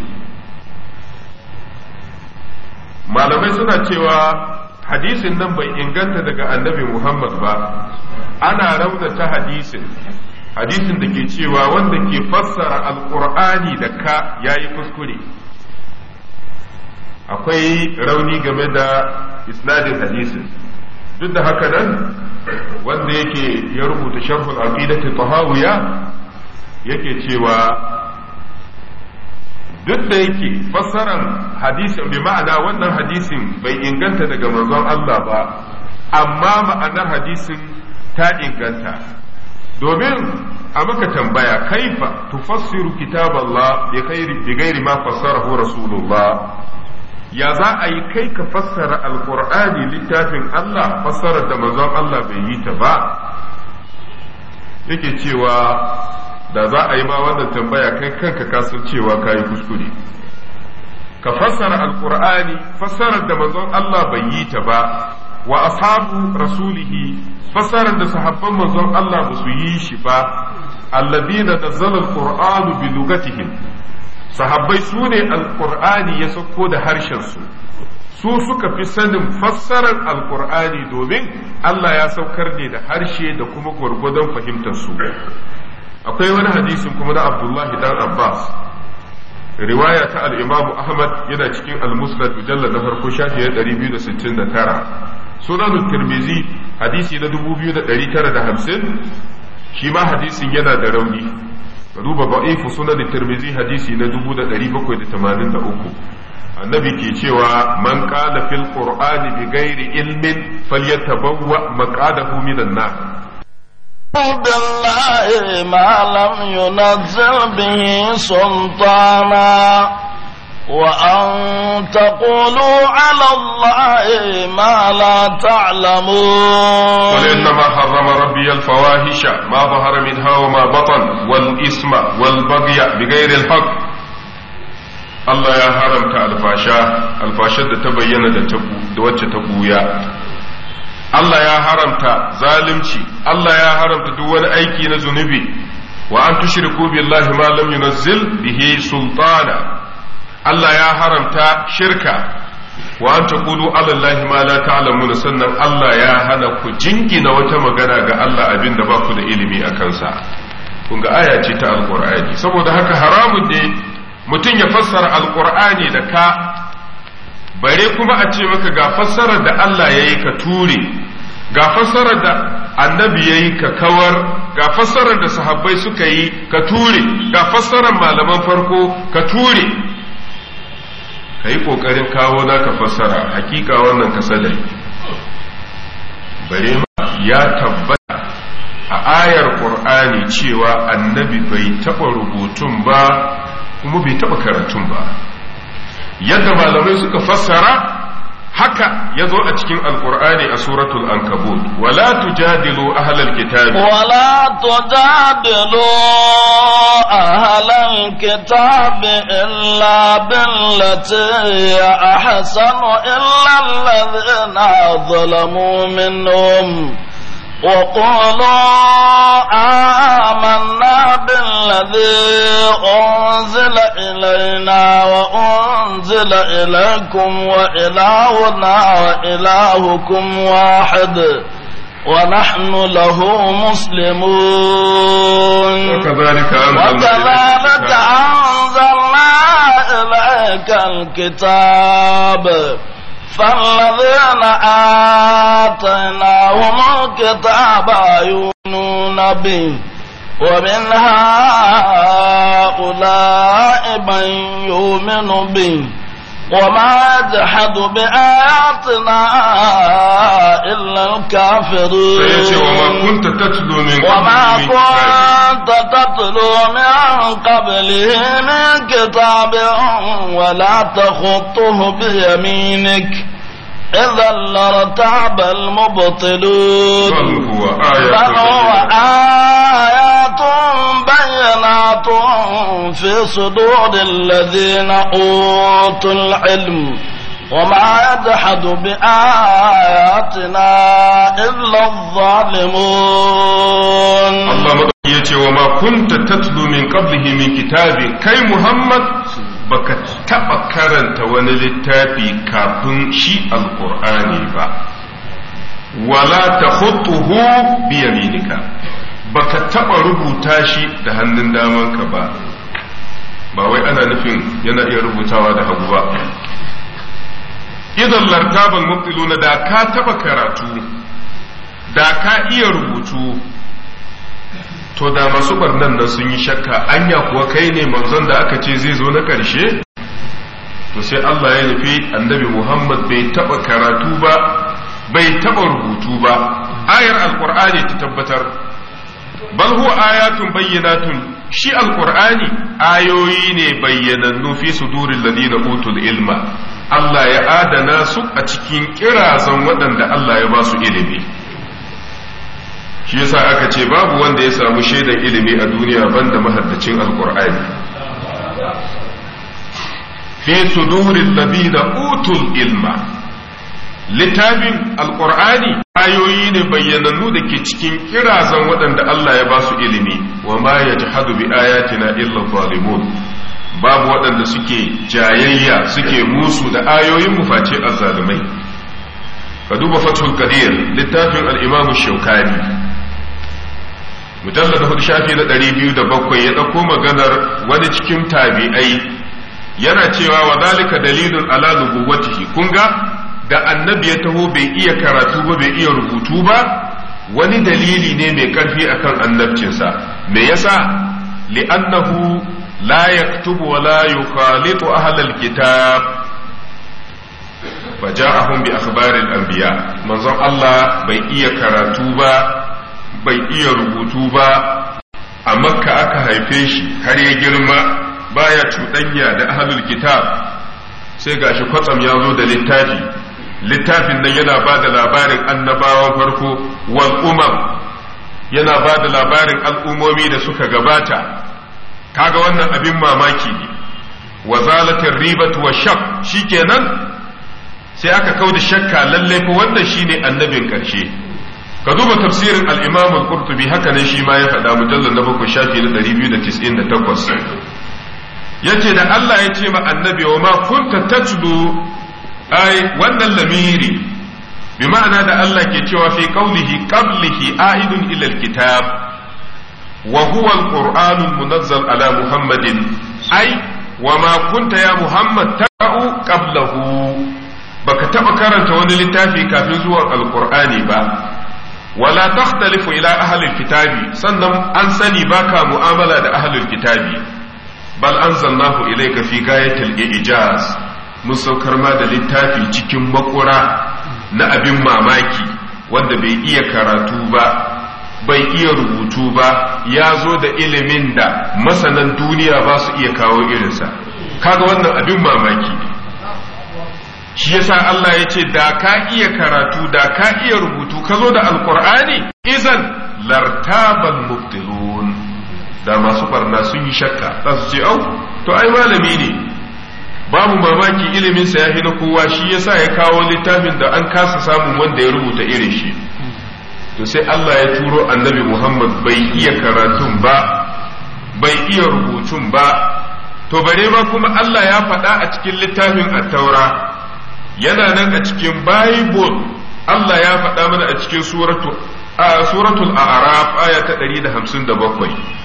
malamai suna cewa hadisin nan bai inganta daga annabi Muhammad ba ana raunata hadisin hadisin da ke cewa wanda ke fassara alkur'ani da ka ya yi kuskure akwai rauni game da isnadin hadisin duk da haka nan wanda yake ya rubuta sharhul aqidati tahawiya yake cewa duk da yake fassarar hadisin bi ma'ana wannan hadisin bai inganta daga manzon Allah ba amma ma'anar hadisin ta inganta domin a maka tambaya kaifa tufassiru kitaballah bi khairi bi ghairi ma fassarahu rasulullah ya za a yi kai ka fassara alqur'ani littafin Allah fassarar da manzon Allah bai yi ta ba yake cewa da za a yi ma wannan tambaya kai kanka ka cewa ka yi kuskure ka fassara alkur'ani fassarar da manzon Allah bai yi ta ba wa ashabu rasulihi fassarar da sahabban manzon Allah ba su yi shi ba alladina nazzala alqur'anu bi lugatihim sahabbai su ne alqur'ani ya sauko da harshen su su suka fi sanin fassarar alkur'ani domin Allah ya saukar ne da harshe da kuma gwargwadon fahimtar su akwai wani hadisin kuma na abdullahi dan abbas riwaya ta alimamu ahmad yana cikin al-musnad mujallad na farko shafi 269 sunan turmizi hadisi na 2950 shi ma hadisin yana da rauni duba ba'ifu sunan turmizi hadisi na 1783 annabi ke cewa man qala fil qur'ani bi ghairi ilmin falyatabawwa maqadahu minan nar بالله ما لم ينزل به سلطانا وأن تقولوا على الله ما لا تعلمون قل إنما حرم ربي الفواحش ما ظهر منها وما بطن والإثم والبغي بغير الحق Allah ya haramta alfasha alfashar da ta bayyana da wacce ta buya Allah ya haramta zalunci Allah ya haramta duk wani aiki na zunubi wa an tushriku billahi ma lam yunazzil bihi sultana Allah ya haramta shirka wa an taqulu ala allahi ma la ta'lamun sannan Allah ya hana ku jingina wata magana ga Allah abinda ba ku da ilimi a kansa kun ga aya ce ta alqur'ani saboda haka haramun ne mutum ya fassara alqur'ani da ka bare kuma a ce maka ga fassarar da Allah ya yi ka ture ga fassarar da annabi ya yi ka kawar ga fassarar da sahabbai suka yi ka ture ga fassarar malaman farko ka ture ka yi ƙoƙarin kawo ka fassara hakika wannan kasadai bare ma ya tabbata a ayar ƙur'ani cewa annabi bai taɓa rubutun ba kuma bai taɓa karatun ba yadda malamai suka fassara haka ya zo a cikin alkur'ani a suratul ankabut wala tujadilu ahlal kitab wala tujadilu ahlal kitab illa billati ya ahsanu illa alladhina zalamu minhum وقولوا آمنا بالذي أنزل إلينا وأنزل إليكم وإلهنا وإلهكم واحد ونحن له مسلمون وكذلك أنزلنا إليك الكتاب فالذين آتيناهم الكتاب يؤمنون به ومن هؤلاء من يؤمن به وما يجحد بآياتنا إلا الكافرين وما كنت تتلو من وما كنت تتلو من قبله من كتاب ولا تخطه بيمينك إذا لارتاب المبطلون بل هو آيات حسنات في صدور الذين أوتوا العلم وما يجحد بآياتنا إلا الظالمون الله yace wa ma kunta tatlu min qablihi min kitabin kai Muhammad baka taɓa karanta wani littafi kafin shi Alƙur'ani ba wala takhutuhu bi yaminika baka taba rubuta shi da hannun damanka ba ba wai ana nufin yana iya rubutawa da hagu ba idan lartaban na da ka taba karatu da ka iya rubutu to da masu barnan nan sun yi shakka anya kuwa kai ne manzon da aka ce zai zo na karshe to sai Allah ya nufi annabi Muhammad bai taba karatu ba bai taba rubutu ba ayar alkur'ani ta tabbatar bal huwa ayatun bayyinatun shi alqur'ani ayoyi ne bayyanannu fi suduril ladina utul ilma Allah ya adana su a cikin kirazan waɗanda Allah ya ba su ilimi shi yasa aka ce babu wanda ya samu shaidar ilimi a duniya banda mahaddacin alqur'ani fi suduril ladina utul ilma littafin alkur'ani ayoyi ne bayyanannu da ke cikin kirazan waɗanda Allah ya ba su ilimi wa ma ya jihadu bi ayatina illa zalimun babu waɗanda suke jayayya suke musu da ayoyin mu face azzalumai ka duba fatul kadir littafin al-imam shaukani mujallar da hudu shafi na ɗari biyu da bakwai ya ɗauko maganar wani cikin tabi'ai yana cewa wa zalika dalilun ala nubuwatihi kun ga da annabi ya taho bai iya karatu ba bai iya rubutu ba wani dalili ne mai karfi akan annabcinsa me yasa li'annahu la yaktubu wa la yukhalitu ahlal kitab faja'ahum bi akhbaril anbiya manzon Allah bai iya karatu ba bai iya rubutu ba a makka aka haife shi har ya girma baya cuɗanya da ahlul kitab sai gashi kwatsam ya zo da littafi littafin nan yana ba da labarin annabawan farko wal umam yana ba da labarin al'umomi da suka gabata kaga wannan abin mamaki ne wa zalatin ribat wa shak kenan sai aka da shakka lalle ko wannan shine annabin karshe ka duba tafsirin al kurtubi al-Qurtubi haka ne shi ma ya faɗa mujallar na bakwai shafi na 298 yace da Allah ya ce ma annabi wa ma kunta tatlu ai wannan lamiri bi ma'ana da Allah ke cewa fi qawlihi qablihi a'idun ila alkitab wa huwa alquran munazzal ala muhammadin ai wa ma kunta ya muhammad ta'u qablahu baka taba karanta wani littafi kafin zuwa alqur'ani ba wala takhtalifu ila ahli alkitabi sannan an sani baka mu'amala da ahli alkitabi bal anzalnahu ilayka fi ghayatil ijaz mun saukar ma da littafi cikin makura na abin mamaki wanda bai iya karatu ba bai iya rubutu ba ya zo da ilimin da masanan duniya ba su iya kawo irinsa kaga wannan abin mamaki ne shi yasa Allah ya ce da ka iya karatu da ka iya rubutu ka zo da alkur'ani izan lartaban mubtilun da masu barna sun yi shakka za su ce au to ai malami ne babu mamaki ilimin sa ya na kowa shi yasa ya kawo littafin da an kasa samun wanda ya rubuta irin shi to sai Allah ya turo annabi Muhammad bai iya karatun ba bai iya rubutun ba to bare ba kuma Allah ya faɗa a cikin littafin at-taura yana nan a cikin bible Allah ya faɗa mana a cikin suratu suratul a'raf aya ta 157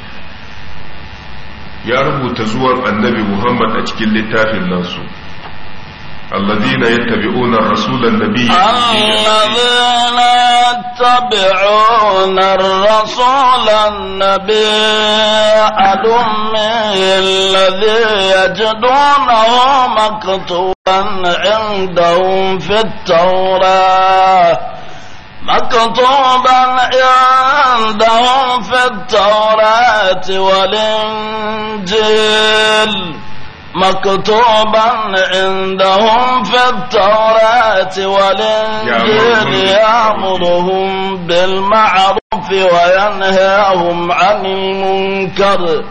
ya rubuta zuwan annabi Muhammad a cikin littafin nasu الذين يتبعون الرسول النبي الذين يتبعون الرسول النبي الأمي الذي يجدونه مكتوبا عندهم في التوراه مكتوبا عندهم في التوراة والإنجيل مكتوبا عندهم في التوراة والإنجيل يأمرهم بالمعروف وينهاهم عن المنكر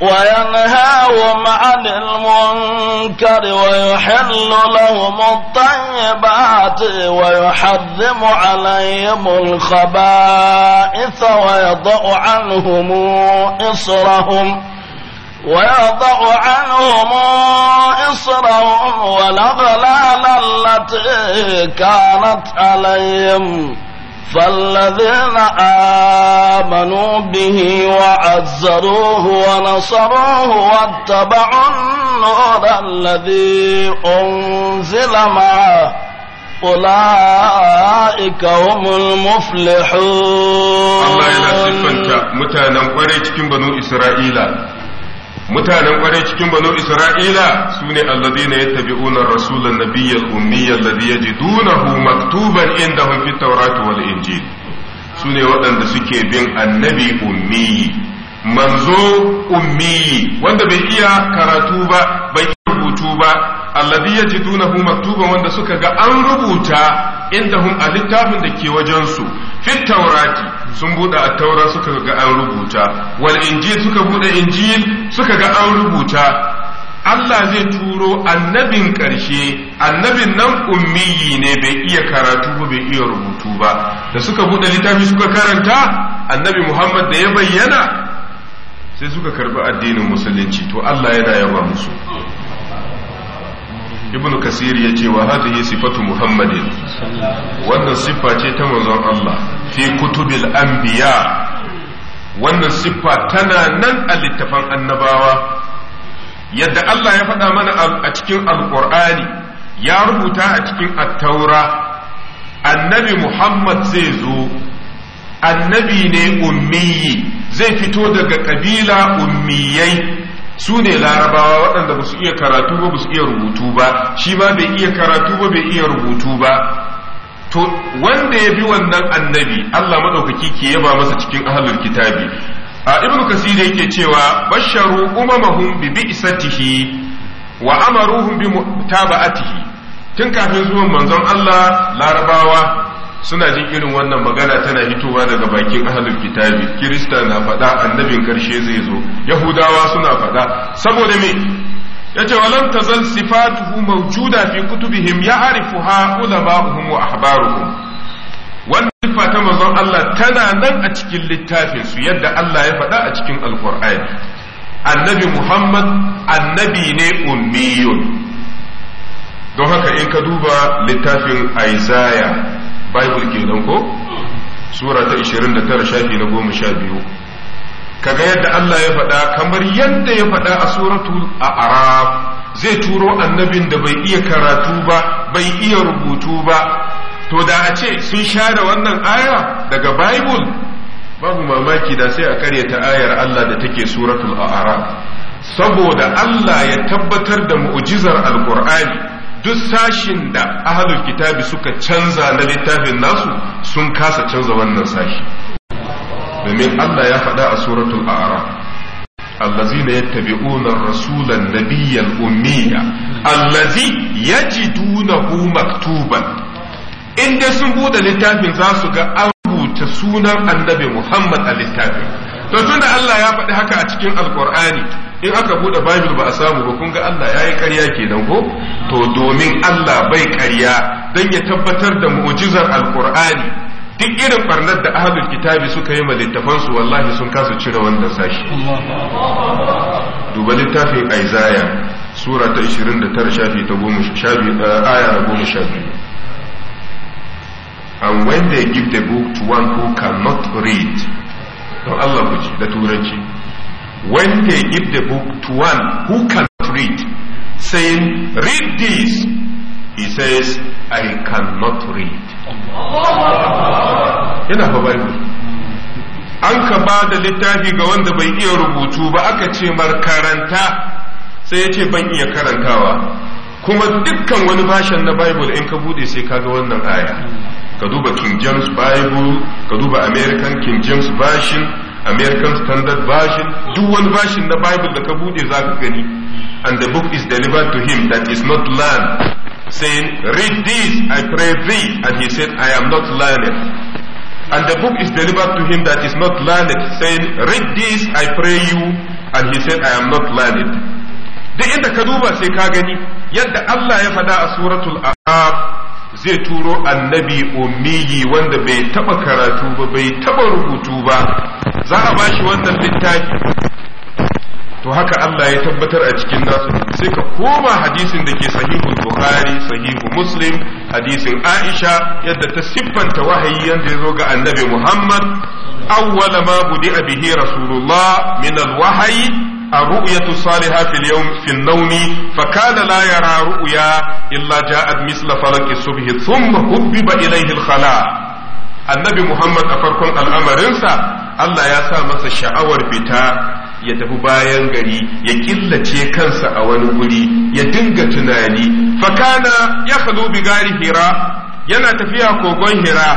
وينهاهم عن المنكر ويحل لهم الطيبات ويحرم عليهم الخبائث ويضع عنهم إصرهم ويضع عنهم إصرهم والأغلال التي كانت عليهم فالذين آمنوا به وعزروه ونصروه واتبعوا النور الذي أنزل معه أولئك هم المفلحون الله يلا سفنت متانا قريت كم بنو إسرائيل mutanen kwarai cikin banu isra'ila su ne alladina ya tabi unar rasulun nabiyyar umiyyar da ya ji dunahu maktuban inda hunfi tauratu wal injil su ne waɗanda suke bin annabi ummiyi manzo ummi wanda bai iya karatu ba bai iya rubutu ba alladhi yajidunahu maktuba wanda suka ga an rubuta inda a littafin da ke wajen su fit taurati sun bude a taura suka ga an rubuta wal injil suka bude injil suka ga an rubuta Allah zai turo annabin ƙarshe annabin nan ummiyi ne bai iya karatu ba bai iya rubutu ba da suka buɗe littafi suka karanta annabi Muhammad da ya bayyana sai suka karbi addinin musulunci to Allah yana yaba musu ibn kasir ya ce wa hadhihi sifatu muhammadin wannan siffa ce ta manzon Allah fi kutubil anbiya wannan siffa tana nan a littafan annabawa yadda Allah ya faɗa mana a cikin alqur'ani ya rubuta a cikin at-taura annabi muhammad zai zo annabi ne ummiyi zai fito daga kabila ummiyai su ne larabawa waɗanda ba su iya karatu ba ba su iya rubutu ba shi ma bai iya karatu ba bai iya rubutu ba to wanda ya bi wannan annabi Allah madaukaki ke yaba masa cikin ahlul kitabi a ibnu kasir yake cewa basharu umamahum bi bi'satihi wa amaruhum bi mutaba'atihi tun kafin zuwan manzon Allah larabawa suna jin irin wannan magana tana hitowa daga bakin ahalin kitabi kirista na faɗa annabin ƙarshe zai zo yahudawa suna faɗa saboda me yace walam tazal sifatuhu mawjuda fi kutubihim ya'rifuha ulama'uhum wa ahbaruhum wannan sifa ta manzon Allah tana nan a cikin littafin su yadda Allah ya faɗa a cikin alqur'ani annabi Muhammad annabi ne ummiyun don haka in ka duba littafin Isaiah bible kenan ko sura ta 29 shafi na 12 kaga yadda Allah ya faɗa kamar yadda ya faɗa a suratul a'raf zai turo annabin da bai iya karatu ba bai iya rubutu ba to da a ce sun share wannan aya daga bible babu mamaki da sai a karyata ayar Allah da take suratul a'raf saboda Allah ya tabbatar da mu'jizar alqur'ani duk sashin da ahalul kitabi suka canza na littafin nasu sun kasa canza wannan sashi domin Allah ya faɗa a suratul a'raf allazina yattabi'una rasulan nabiyyan ummiya allazi yajidunahu maktuban in dai sun bude littafin za su ga an rubuta sunan annabi Muhammad a littafin to tunda Allah ya faɗi haka a cikin alqur'ani in aka bude bible ba a samu ba kun ga Allah yayi ƙarya kenan ko to domin Allah bai ƙarya dan ya tabbatar da mu'jizar alqur'ani duk irin barnar da ahlul kitabi suka yi littafan su wallahi sun kasa cire wannan sashi duba littafin aizaya sura ta 29 shafi ta 10 shafi eh, aya and when they give the book to one who cannot read don Allah ku ji da turanci when they give the book to one who can read, saying, Read this, he says, I cannot read. Yana ba An ka ba da littafi ga wanda bai iya rubutu ba aka ce mar karanta sai ya ce ban iya karantawa. Kuma dukkan wani bashin na Bible in ka bude sai ka ga wannan aya. Ka duba King James Bible, ka duba American King James Version, American Standard Version duk wani version na Bible da ka bude za ka gani and the book is delivered to him that is not learned saying read this I pray thee and he said I am not learned and the book is delivered to him that is not learned saying read this I pray you and he said I am not learned duk inda ka duba sai ka gani yadda Allah ya faɗa a suratul A'raf zai turo annabi ummiyi wanda bai taba karatu ba bai taba rubutu ba za a bashi wannan littafi to haka Allah ya tabbatar a cikin nasu sai ka koma hadisin da ke sahihul bukhari sahihu muslim hadisin aisha yadda ta siffanta wahayi yadda ya zo ga annabi muhammad awwala ma budi bihi rasulullah min wahayi A الصالحة في اليوم في النوم فكان لا يرى رؤيا إلا جاءت مثل فلك الصبح ثم هبب إليه الخلاء annabi Muhammad a farkon al'amarinsa Allah ya sa masa sha'awar fita ya tafi bayan gari ya killace kansa a wani guri ya dinga tunani fakana ya kalu bigari hira yana tafiya kogon hira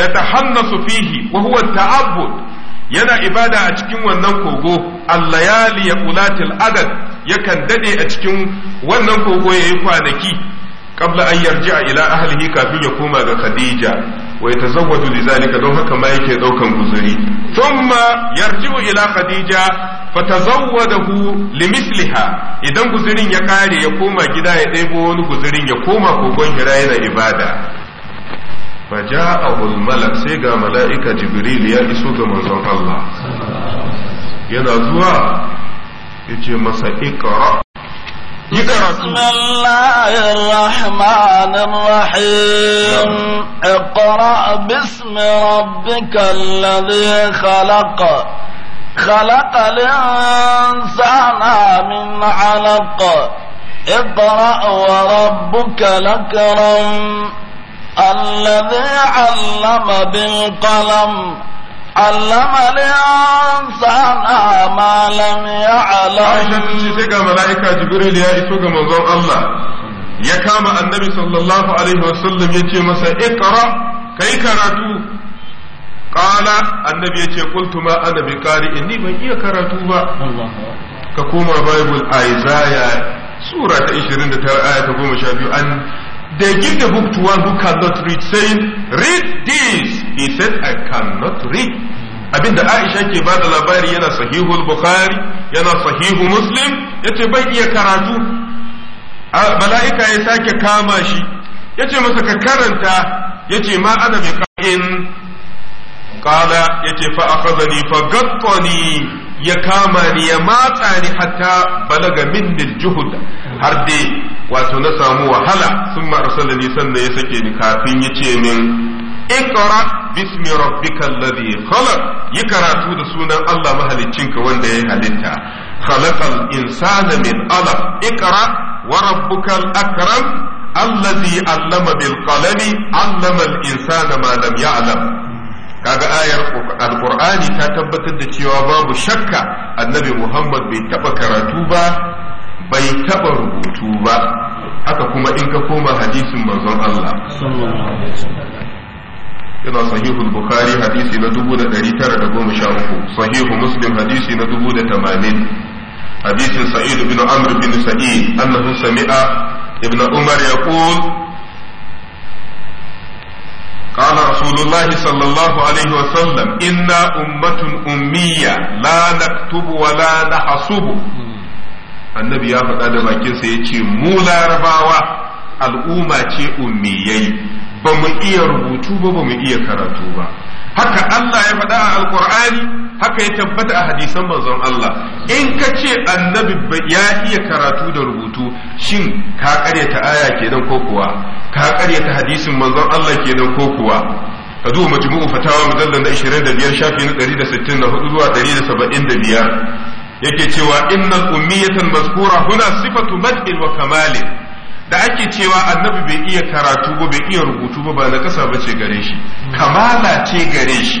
ya tahannasu fihi wa huwa ta'abbud yana ibada a cikin wannan kogo Allah ya qulatil adad yakan dade a cikin wannan kogo yayi kwanaki Kabla an yarji a ila ahlihi kafin ya koma ga khadija wa li zalika don haka ma yake daukan guzuri thumma yarji'u ila khadija fa li misliha idan guzurin ya kare ya koma gida ya ɗebo wani guzurin ya koma kogon hira yana ibada فجاءه الملك sai ملائكة جبريل jibril ya من ga الله يدا زوا يجي مسا إقرأ بسم الله الرحمن الرحيم اقرأ باسم ربك الذي خلق خلق الإنسان من علق اقرأ وربك لكرم الذي علم بالقلم علم الإنسان ما لم يعلم عائشة تشيسيقى ملائكة جبريل يا إسوق منظر الله ya kama annabi sallallahu alaihi wasallam ya ce masa ikra kai karatu qala annabi ya ce qultu ma ana bi inni ban iya karatu ba ka koma bible isaiah sura ta 29 aya ta 12 an They give the book to one who cannot read, saying, Read this. He said, I cannot read. Abinda Aisha ke ba da labari yana Sahihu Bukhari, yana sahihu Muslim, ya ce bai iya karatu. Mala'ika ya sake kama shi, ya ce masa ka karanta, ya ce ma ana mai ƙa'in. ƙada, ya ce fa a fa gattoni ya kama ni ya matsa ni hatta balaga minni juhud har dai wato na samu wahala sun ni sannan ya sake ni kafin ya ce min iqra bismi rabbikal ladhi khalaq yi karatu da sunan Allah mahaliccinka wanda ya halitta khalaqal insana min alaq iqra wa rabbukal akram alladhi allama bil qalami allama al insana kaga ayar alqur'ani ta tabbatar da cewa babu shakka annabi muhammad bai taba karatu ba bai taba rubutu ba haka kuma in ka koma hadisin manzon Allah yana sahihul bukhari hadisi na 1913 sahihu muslim hadisi na 1080 hadisin sa'id ibn amr bin sa'id annahu sami'a ibn umar yaqul قال رسول الله صلى الله عليه وسلم إنا أمة أمية لا نكتب ولا نحسب annabi ya faɗa da bakinsa ya ce mu larabawa al'umma ce ummiyai ba mu iya rubutu ba ba mu iya karatu ba haka Allah ya faɗa a alkur'ani haka ya tabbata a hadisan manzon Allah in ka ce annabi ya iya karatu da rubutu shin ka karyata aya kenan ko kuwa ka karyata hadisin manzon Allah kenan ko kuwa ka duba majmu'u fatawa mujallal na 25 shafi na 164 zuwa 175 yake cewa innal ummiyatan mazkura huna sifatu mad'in wa kamalin da ake cewa annabi bai iya karatu ba bai iya rubutu ba ba na kasa ba ce gare shi kamala ce gare shi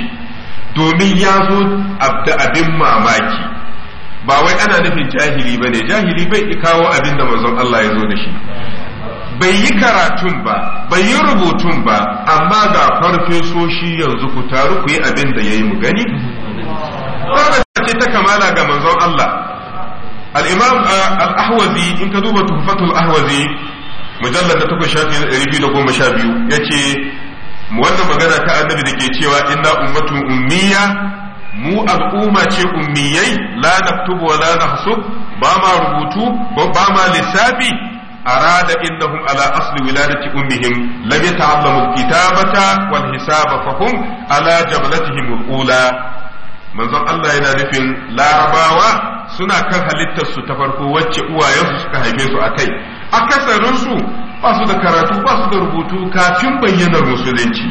domin ya zo da abin mamaki ba wai ana nufin jahili ba ne jahili bai kawo abin da mazan Allah ya zo da shi bai yi karatun ba bai yi rubutun ba amma ga farfesoshi yanzu ku taru ku yi abin da ya yi mu gani ce ta kamala ga manzon Allah al-imam uh, al-ahwazi in ka duba tuhfatul ahwazi mujallar na takwas shafi na ɗari biyu da goma sha biyu ya ce wannan magana ta annabi da ke cewa inna ummatu ummiya mu al'umma ce ummiyai la naktubu wa la nahsub ba ma rubutu ba ma lissafi arada innahum ala asli wiladati ummihim lam yata'allamu alkitabata wal hisaba fahum ala jablatihim alula manzon Allah yana nufin larabawa suna kan halittarsu ta farko wacce uwayensu suka haife su a kai akasarinsu ba su da karatu ba su da rubutu kafin bayyanar musulunci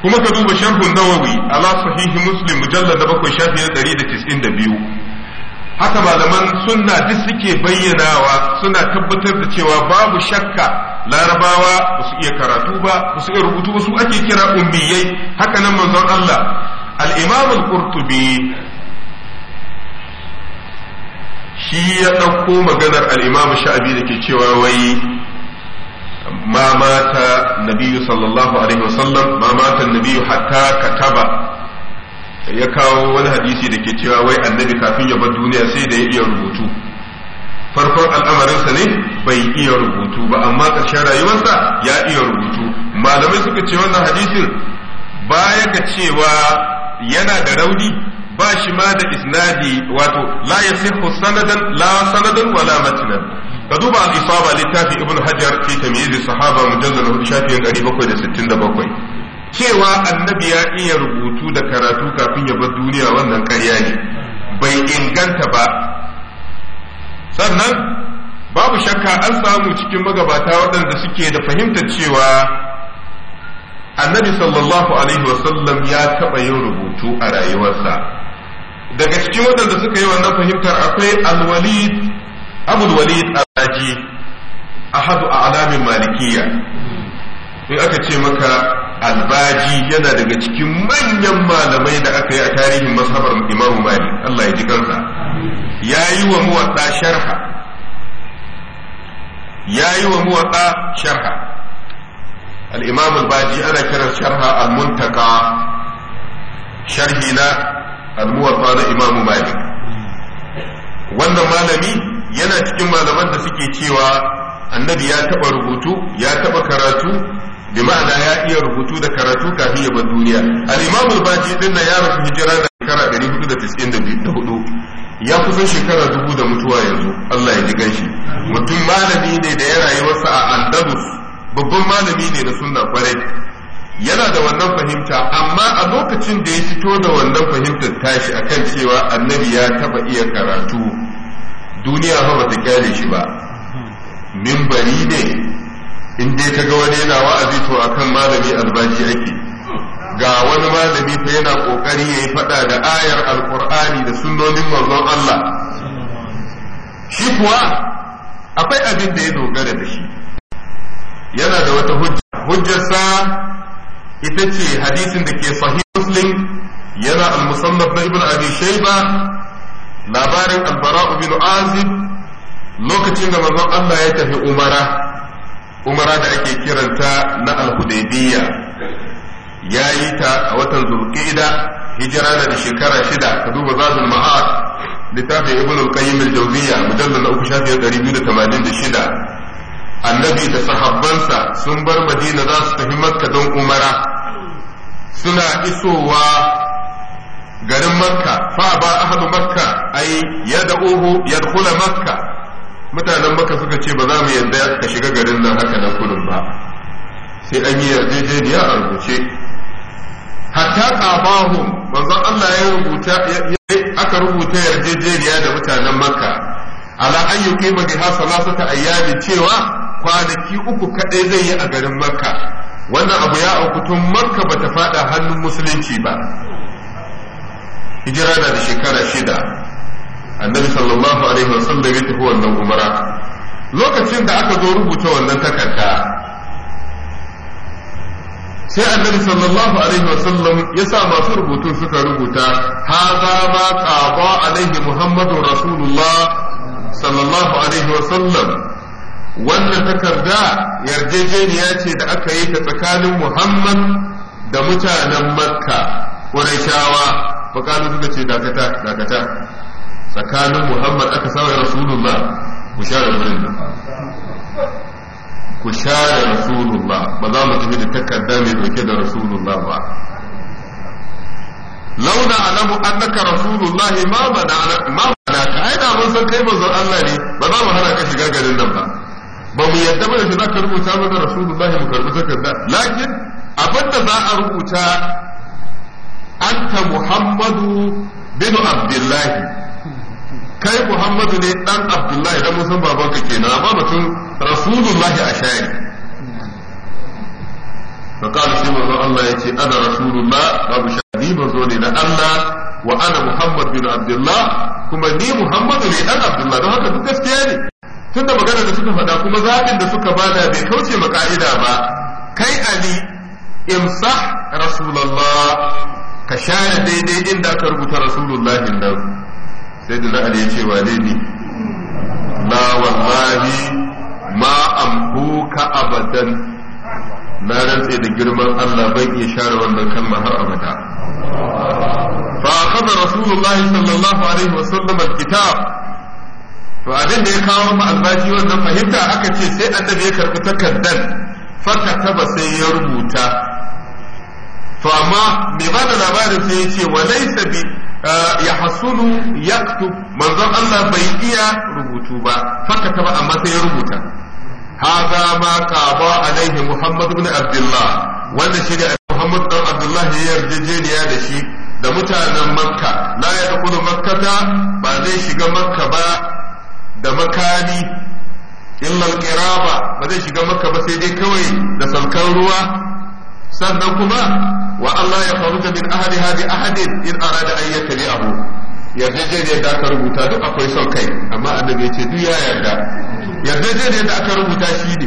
kuma ka duba sharhun nawawi ala sahihi muslim mujallar da bakwai shafi na ɗari da tis'in da biyu haka malaman sunna duk suke bayyanawa suna tabbatar da cewa babu shakka larabawa ba su iya karatu ba ba su iya rubutu ba su ake kira umbiyai haka nan manzon Allah al-imam al-qurtubi shi ya ɗauko maganar al'imamu sha'abi da ke cewa wai ma nabiyu sallallahu alaihi wasallam ma mata nabiyu hatta kataba ya kawo wani hadisi da ke cewa wai annabi kafin ya bar duniya sai da ya iya rubutu farkon al'amarinsa ne bai iya rubutu ba amma ƙarshen rayuwarsa ya iya rubutu malamai suka ce wannan hadisin baya ga cewa yana da rauni ba shi ma da isnadi wato la yasihu sanadan la sanadan wala matnan ka duba al-isaba littafi ibnu hajar fi tamyiz sahaba mujallal shafi 767 cewa annabi ya iya rubutu da karatu kafin ya bar duniya wannan ƙarya ne bai inganta ba sannan babu shakka an samu cikin magabata waɗanda suke da fahimtar cewa annabi sallallahu alaihi wasallam ya taɓa yin rubutu a rayuwarsa daga cikin waɗanda suka yi wannan fahimtar akwai alwalid abul alaji araji ahadu a alamin malikiya in aka ce maka albaji yana daga cikin manyan malamai da aka yi a tarihin masabar imamu malik Allah ya ji kansa ya yi wa muwatsa sharha ya yi wa muwatsa sharha al-imam al-baji ana kiran sharha al-muntaka sharhi na al-muwatta na imamu malik wannan malami yana cikin malaman da suke cewa annabi ya taba rubutu ya taba karatu bi ma'ana ya iya rubutu da karatu kafin ya bar duniya al-imam al-baji din ya rasu hijira da shekara 494 ya kusan shekara dubu da mutuwa yanzu Allah ya ji ganshi mutum malami ne da ya rayuwarsa a Andalus babban malami ne da sunna kwarai yana da wannan fahimta amma a lokacin da ya fito da wannan fahimtar tashi akan cewa annabi ya taba iya karatu duniya fa bata kyale shi ba mimbari ne in dai ga wani yana wa'azi to kan malami albaji ake ga wani malami ta yana kokari yayi fada da ayar alqur'ani da sunnonin manzon Allah shi kuwa akwai abin da ya dogara da shi yana da wata hujja hujjarsa ita ce hadisin da ke sahih muslim yana al-musannaf na ibn abi shayba labarin al-bara bin azib lokacin da manzon Allah ya tafi umara umara da ake kiranta na al-hudaybiyya yayi ta a watan zulqa'ida hijira da shekara shida ka duba zazul ma'ad littafin ibn al-qayyim al-jawziyya mujallal annabi da sahabbansa sun bar madina za su tafi makka don umara suna isowa garin makka fa ba ahlu makka ai ya yadkhula makka mutanen makka suka ce ba za mu yarda ka shiga garin nan haka na kudin ba sai an yi yarjejeniya a rubuce hatta kafahu manzon Allah ya rubuta aka rubuta yarjejeniya da mutanen makka ala ayyuki yuqima biha salasata cewa kwanaki uku kadai zai yi a garin makka wannan abu ya auku tun makka bata fada hannun musulunci ba hijira na da shekara shida annabi sallallahu alaihi wasallam ya tafi wannan umara lokacin da aka zo rubuta wannan takarda sai annabi sallallahu alaihi wasallam ya sa masu rubutu suka rubuta haza ma qada alaihi muhammadun rasulullah sallallahu alaihi wasallam wannan takarda yarjejeniya ce da aka yi ta tsakanin muhammad da mutanen makka ƙurashawa faƙalu suka ce dakata dakata tsakanin muhammad aka wa rasulullah ku share wurin nan ku share rasulullah ba za mu tafi da takarda mai dauke da rasulullah ba launa alamu annaka rasulullahi ma bana ma ka ai da mun san kai manzon Allah ne ba za mu hana ka shiga garin nan ba ba mu yadda ba da za ka rubuta mana rasulullahi mu karbi takarda lakin abin da za a rubuta anta muhammadu bin abdullahi kai muhammadu ne dan abdullahi dan musan babanka kenan amma mutum rasulullahi a shari فقال سيما الله يتي أنا رسول الله أبو شعبي مزوني لألا وأنا محمد بن عبد الله كما ني محمد لأن عبد الله ده هذا gaskiya ne. Tunda magana da suka faɗa kuma zaɓin da suka bada bai kauce ma ƙa'ida ba kai ali Imsa. rasulullah ka share daidai inda aka rubuta rasulullahi inda sai da ali ya ce wane ne la wallahi ma amhuka abadan na rantse da girman Allah ban iya share wannan kalma har abada fa akhadha rasulullahi sallallahu alaihi wasallam alkitab to abin da ya kawo mu albaji fahimta aka ce sai annabi ya karbi takardar fakataba sai ya rubuta to amma mai ba da labarin sai ya ce wa laysa bi ya hasulu yaktub manzon Allah bai iya rubutu ba fakataba amma sai ya rubuta هذا ما قضى عليه محمد بن عبد wanda shi da Muhammad dan Abdullah ya yarjejeniya da shi da mutanen Makka la ya dakulu Makkata ba zai shiga Makka ba da makami illal qiraba ba zai shiga makka ba sai dai kawai da salkan ruwa sannan kuma wa Allah ya faruka min ahadi hadi ahadin in arada an Yadda yarjejeniyar da aka rubuta duk akwai son kai amma annabi ce duk ya yarda yarjejeniyar da aka rubuta shi ne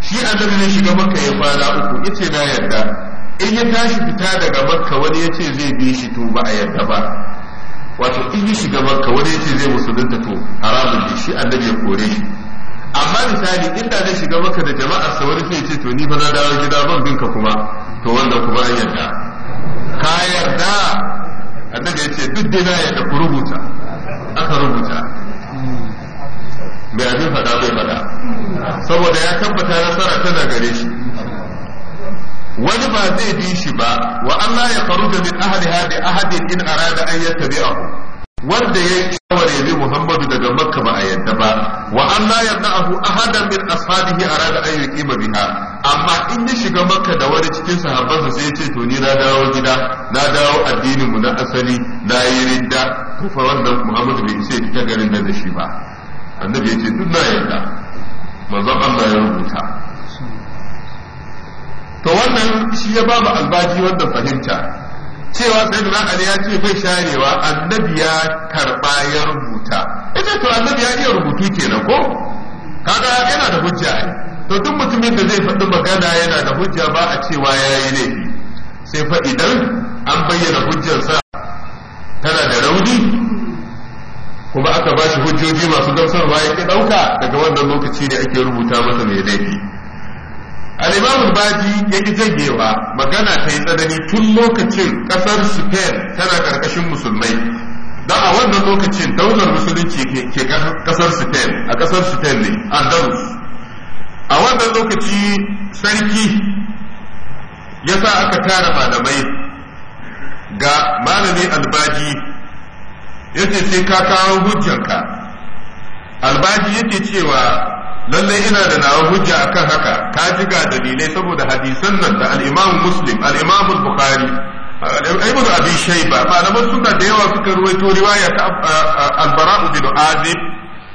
shi annabi ne shiga makka ya kwana uku yace na yarda in ya tashi fita daga makka wani ya ce zai bi shi to ba a yarda ba wato in yi shiga maka wani yake zai musulunta to haramun ne shi annabi ya kore shi amma misali inda zai shiga maka da jama'ar sa wani sai ce to ni fa za dawo gida ban binka kuma to wanda kuma an yarda ka yarda annabi ya ce duk dai na yarda ku rubuta aka rubuta bai abin faɗa? bai faɗa. saboda ya tabbata nasara tana gare shi wani ba zai bi shi ba wa Allah ya faru da min ahli hadi ahadin in arada an yattabi'ahu wanda ya shawara ya bi Muhammadu daga Makka ba a yadda ba wa Allah ya da'ahu ahadan min ashabihi arada an yuqima biha amma in ya shiga Makka da wani cikin sahabbansa sai ya ce to ni na dawo gida na dawo addinin mu na asali na yi ridda to wannan Muhammadu bai isa ta garin da shi ba annabi ya ce duk na yadda manzon Allah ya rubuta to wannan shi ya babu albaji wanda fahimta cewa sai da ali ya ce bai sharewa annabi ya karba ya rubuta ita to annabi ya iya rubutu kenan ko kaga yana da hujja to duk mutumin da zai faɗi magana yana da hujja ba a cewa ya yi laifi sai fa idan an bayyana hujjarsa tana da rauni kuma aka ba shi hujjoji masu gamsarwa ya ki ɗauka daga wannan lokaci ne ake rubuta masa mai laifi al-imam baji ya ki jagewa magana ta yi tsanani tun lokacin kasar spain tana karkashin musulmai don a wannan lokacin daular musulunci ke kasar spain a kasar spain ne andalus a wannan lokaci sarki ya sa aka tara malamai ga malami albaji ya ce sai ka kawo hujjanka albaji yake cewa lallai ina da nawa hujja akan haka ka ji ga dalilai saboda hadisan nan da al-Imam Muslim al-Imam Bukhari Ibn Abi Shayba malaman suna da yawa suka ruwaito riwaya ta al-Bara' bin Azib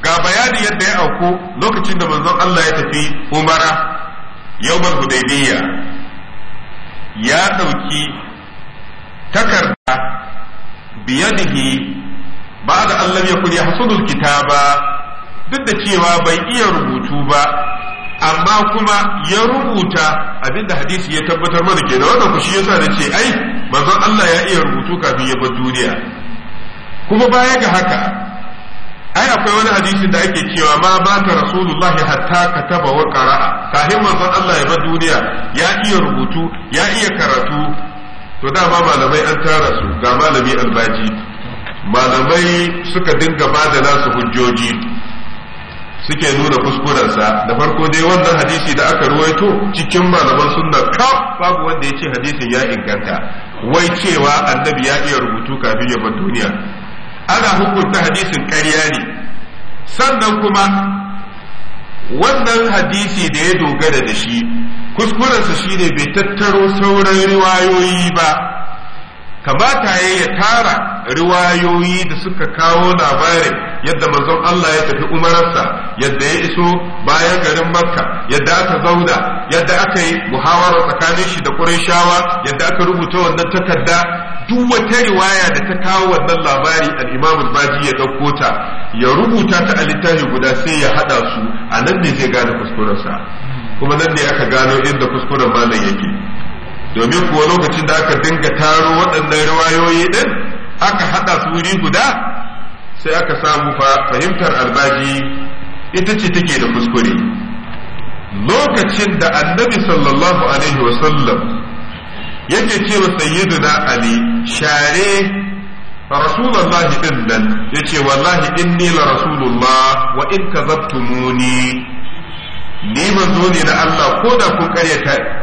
ga bayani yadda ya auku lokacin da manzon Allah ya tafi Umara yawmal Hudaybiyya ya dauki takarda biyadihi ba'da Allah ya kuni hasudul kitaba duk da cewa bai iya rubutu ba amma kuma ya rubuta abinda hadisi ya tabbatar mana da wannan ku shi yasa da ce ai manzon Allah ya iya rubutu kafin ya bar duniya kuma baya ga haka ai akwai wani hadisi da ake cewa ma ba ta rasulullahi hatta kataba wa qara'a kafin manzon Allah ya bar duniya ya iya rubutu ya iya karatu to da ba malamai an tara su ga malami albaji malamai suka dinga ba da nasu hujjoji suke nuna kuskurensa da farko dai wannan hadisi da aka ruwaito cikin malaman sunna kaf babu wanda ya ce hadisin ya inganta wai cewa annabi ya iya rubutu kafin ya bar duniya ana hukunta hadisin ƙarya ne sannan kuma wannan hadisi da ya dogara da shi kuskurensa shine bai tattaro sauran riwayoyi ba ta ya ya tara riwayoyi da suka kawo labarin yadda manzon Allah ya tafi umararsa yadda ya iso bayan garin makka yadda aka zauna yadda aka yi muhawara tsakanin shi da shawa yadda aka rubuta wannan takarda duk wata riwaya da ta kawo wannan labari al-imam baji ya ɗauko ta ya rubuta ta a littafi guda sai ya haɗa su a nan ne zai gane kuskurensa kuma nan ne aka gano inda kuskuren malam yake domin kuwa lokacin da aka dinga taro waɗannan riwayoyi ɗin aka haɗa su wuri guda sai aka samu fahimtar albaji ita ce take da kuskure lokacin da annabi sallallahu alaihi wasallam yake ce wa sayyiduna ali share rasulullah din nan yace wallahi inni la rasulullah wa in kadhabtumuni ni manzo ne na Allah ko da kun karyata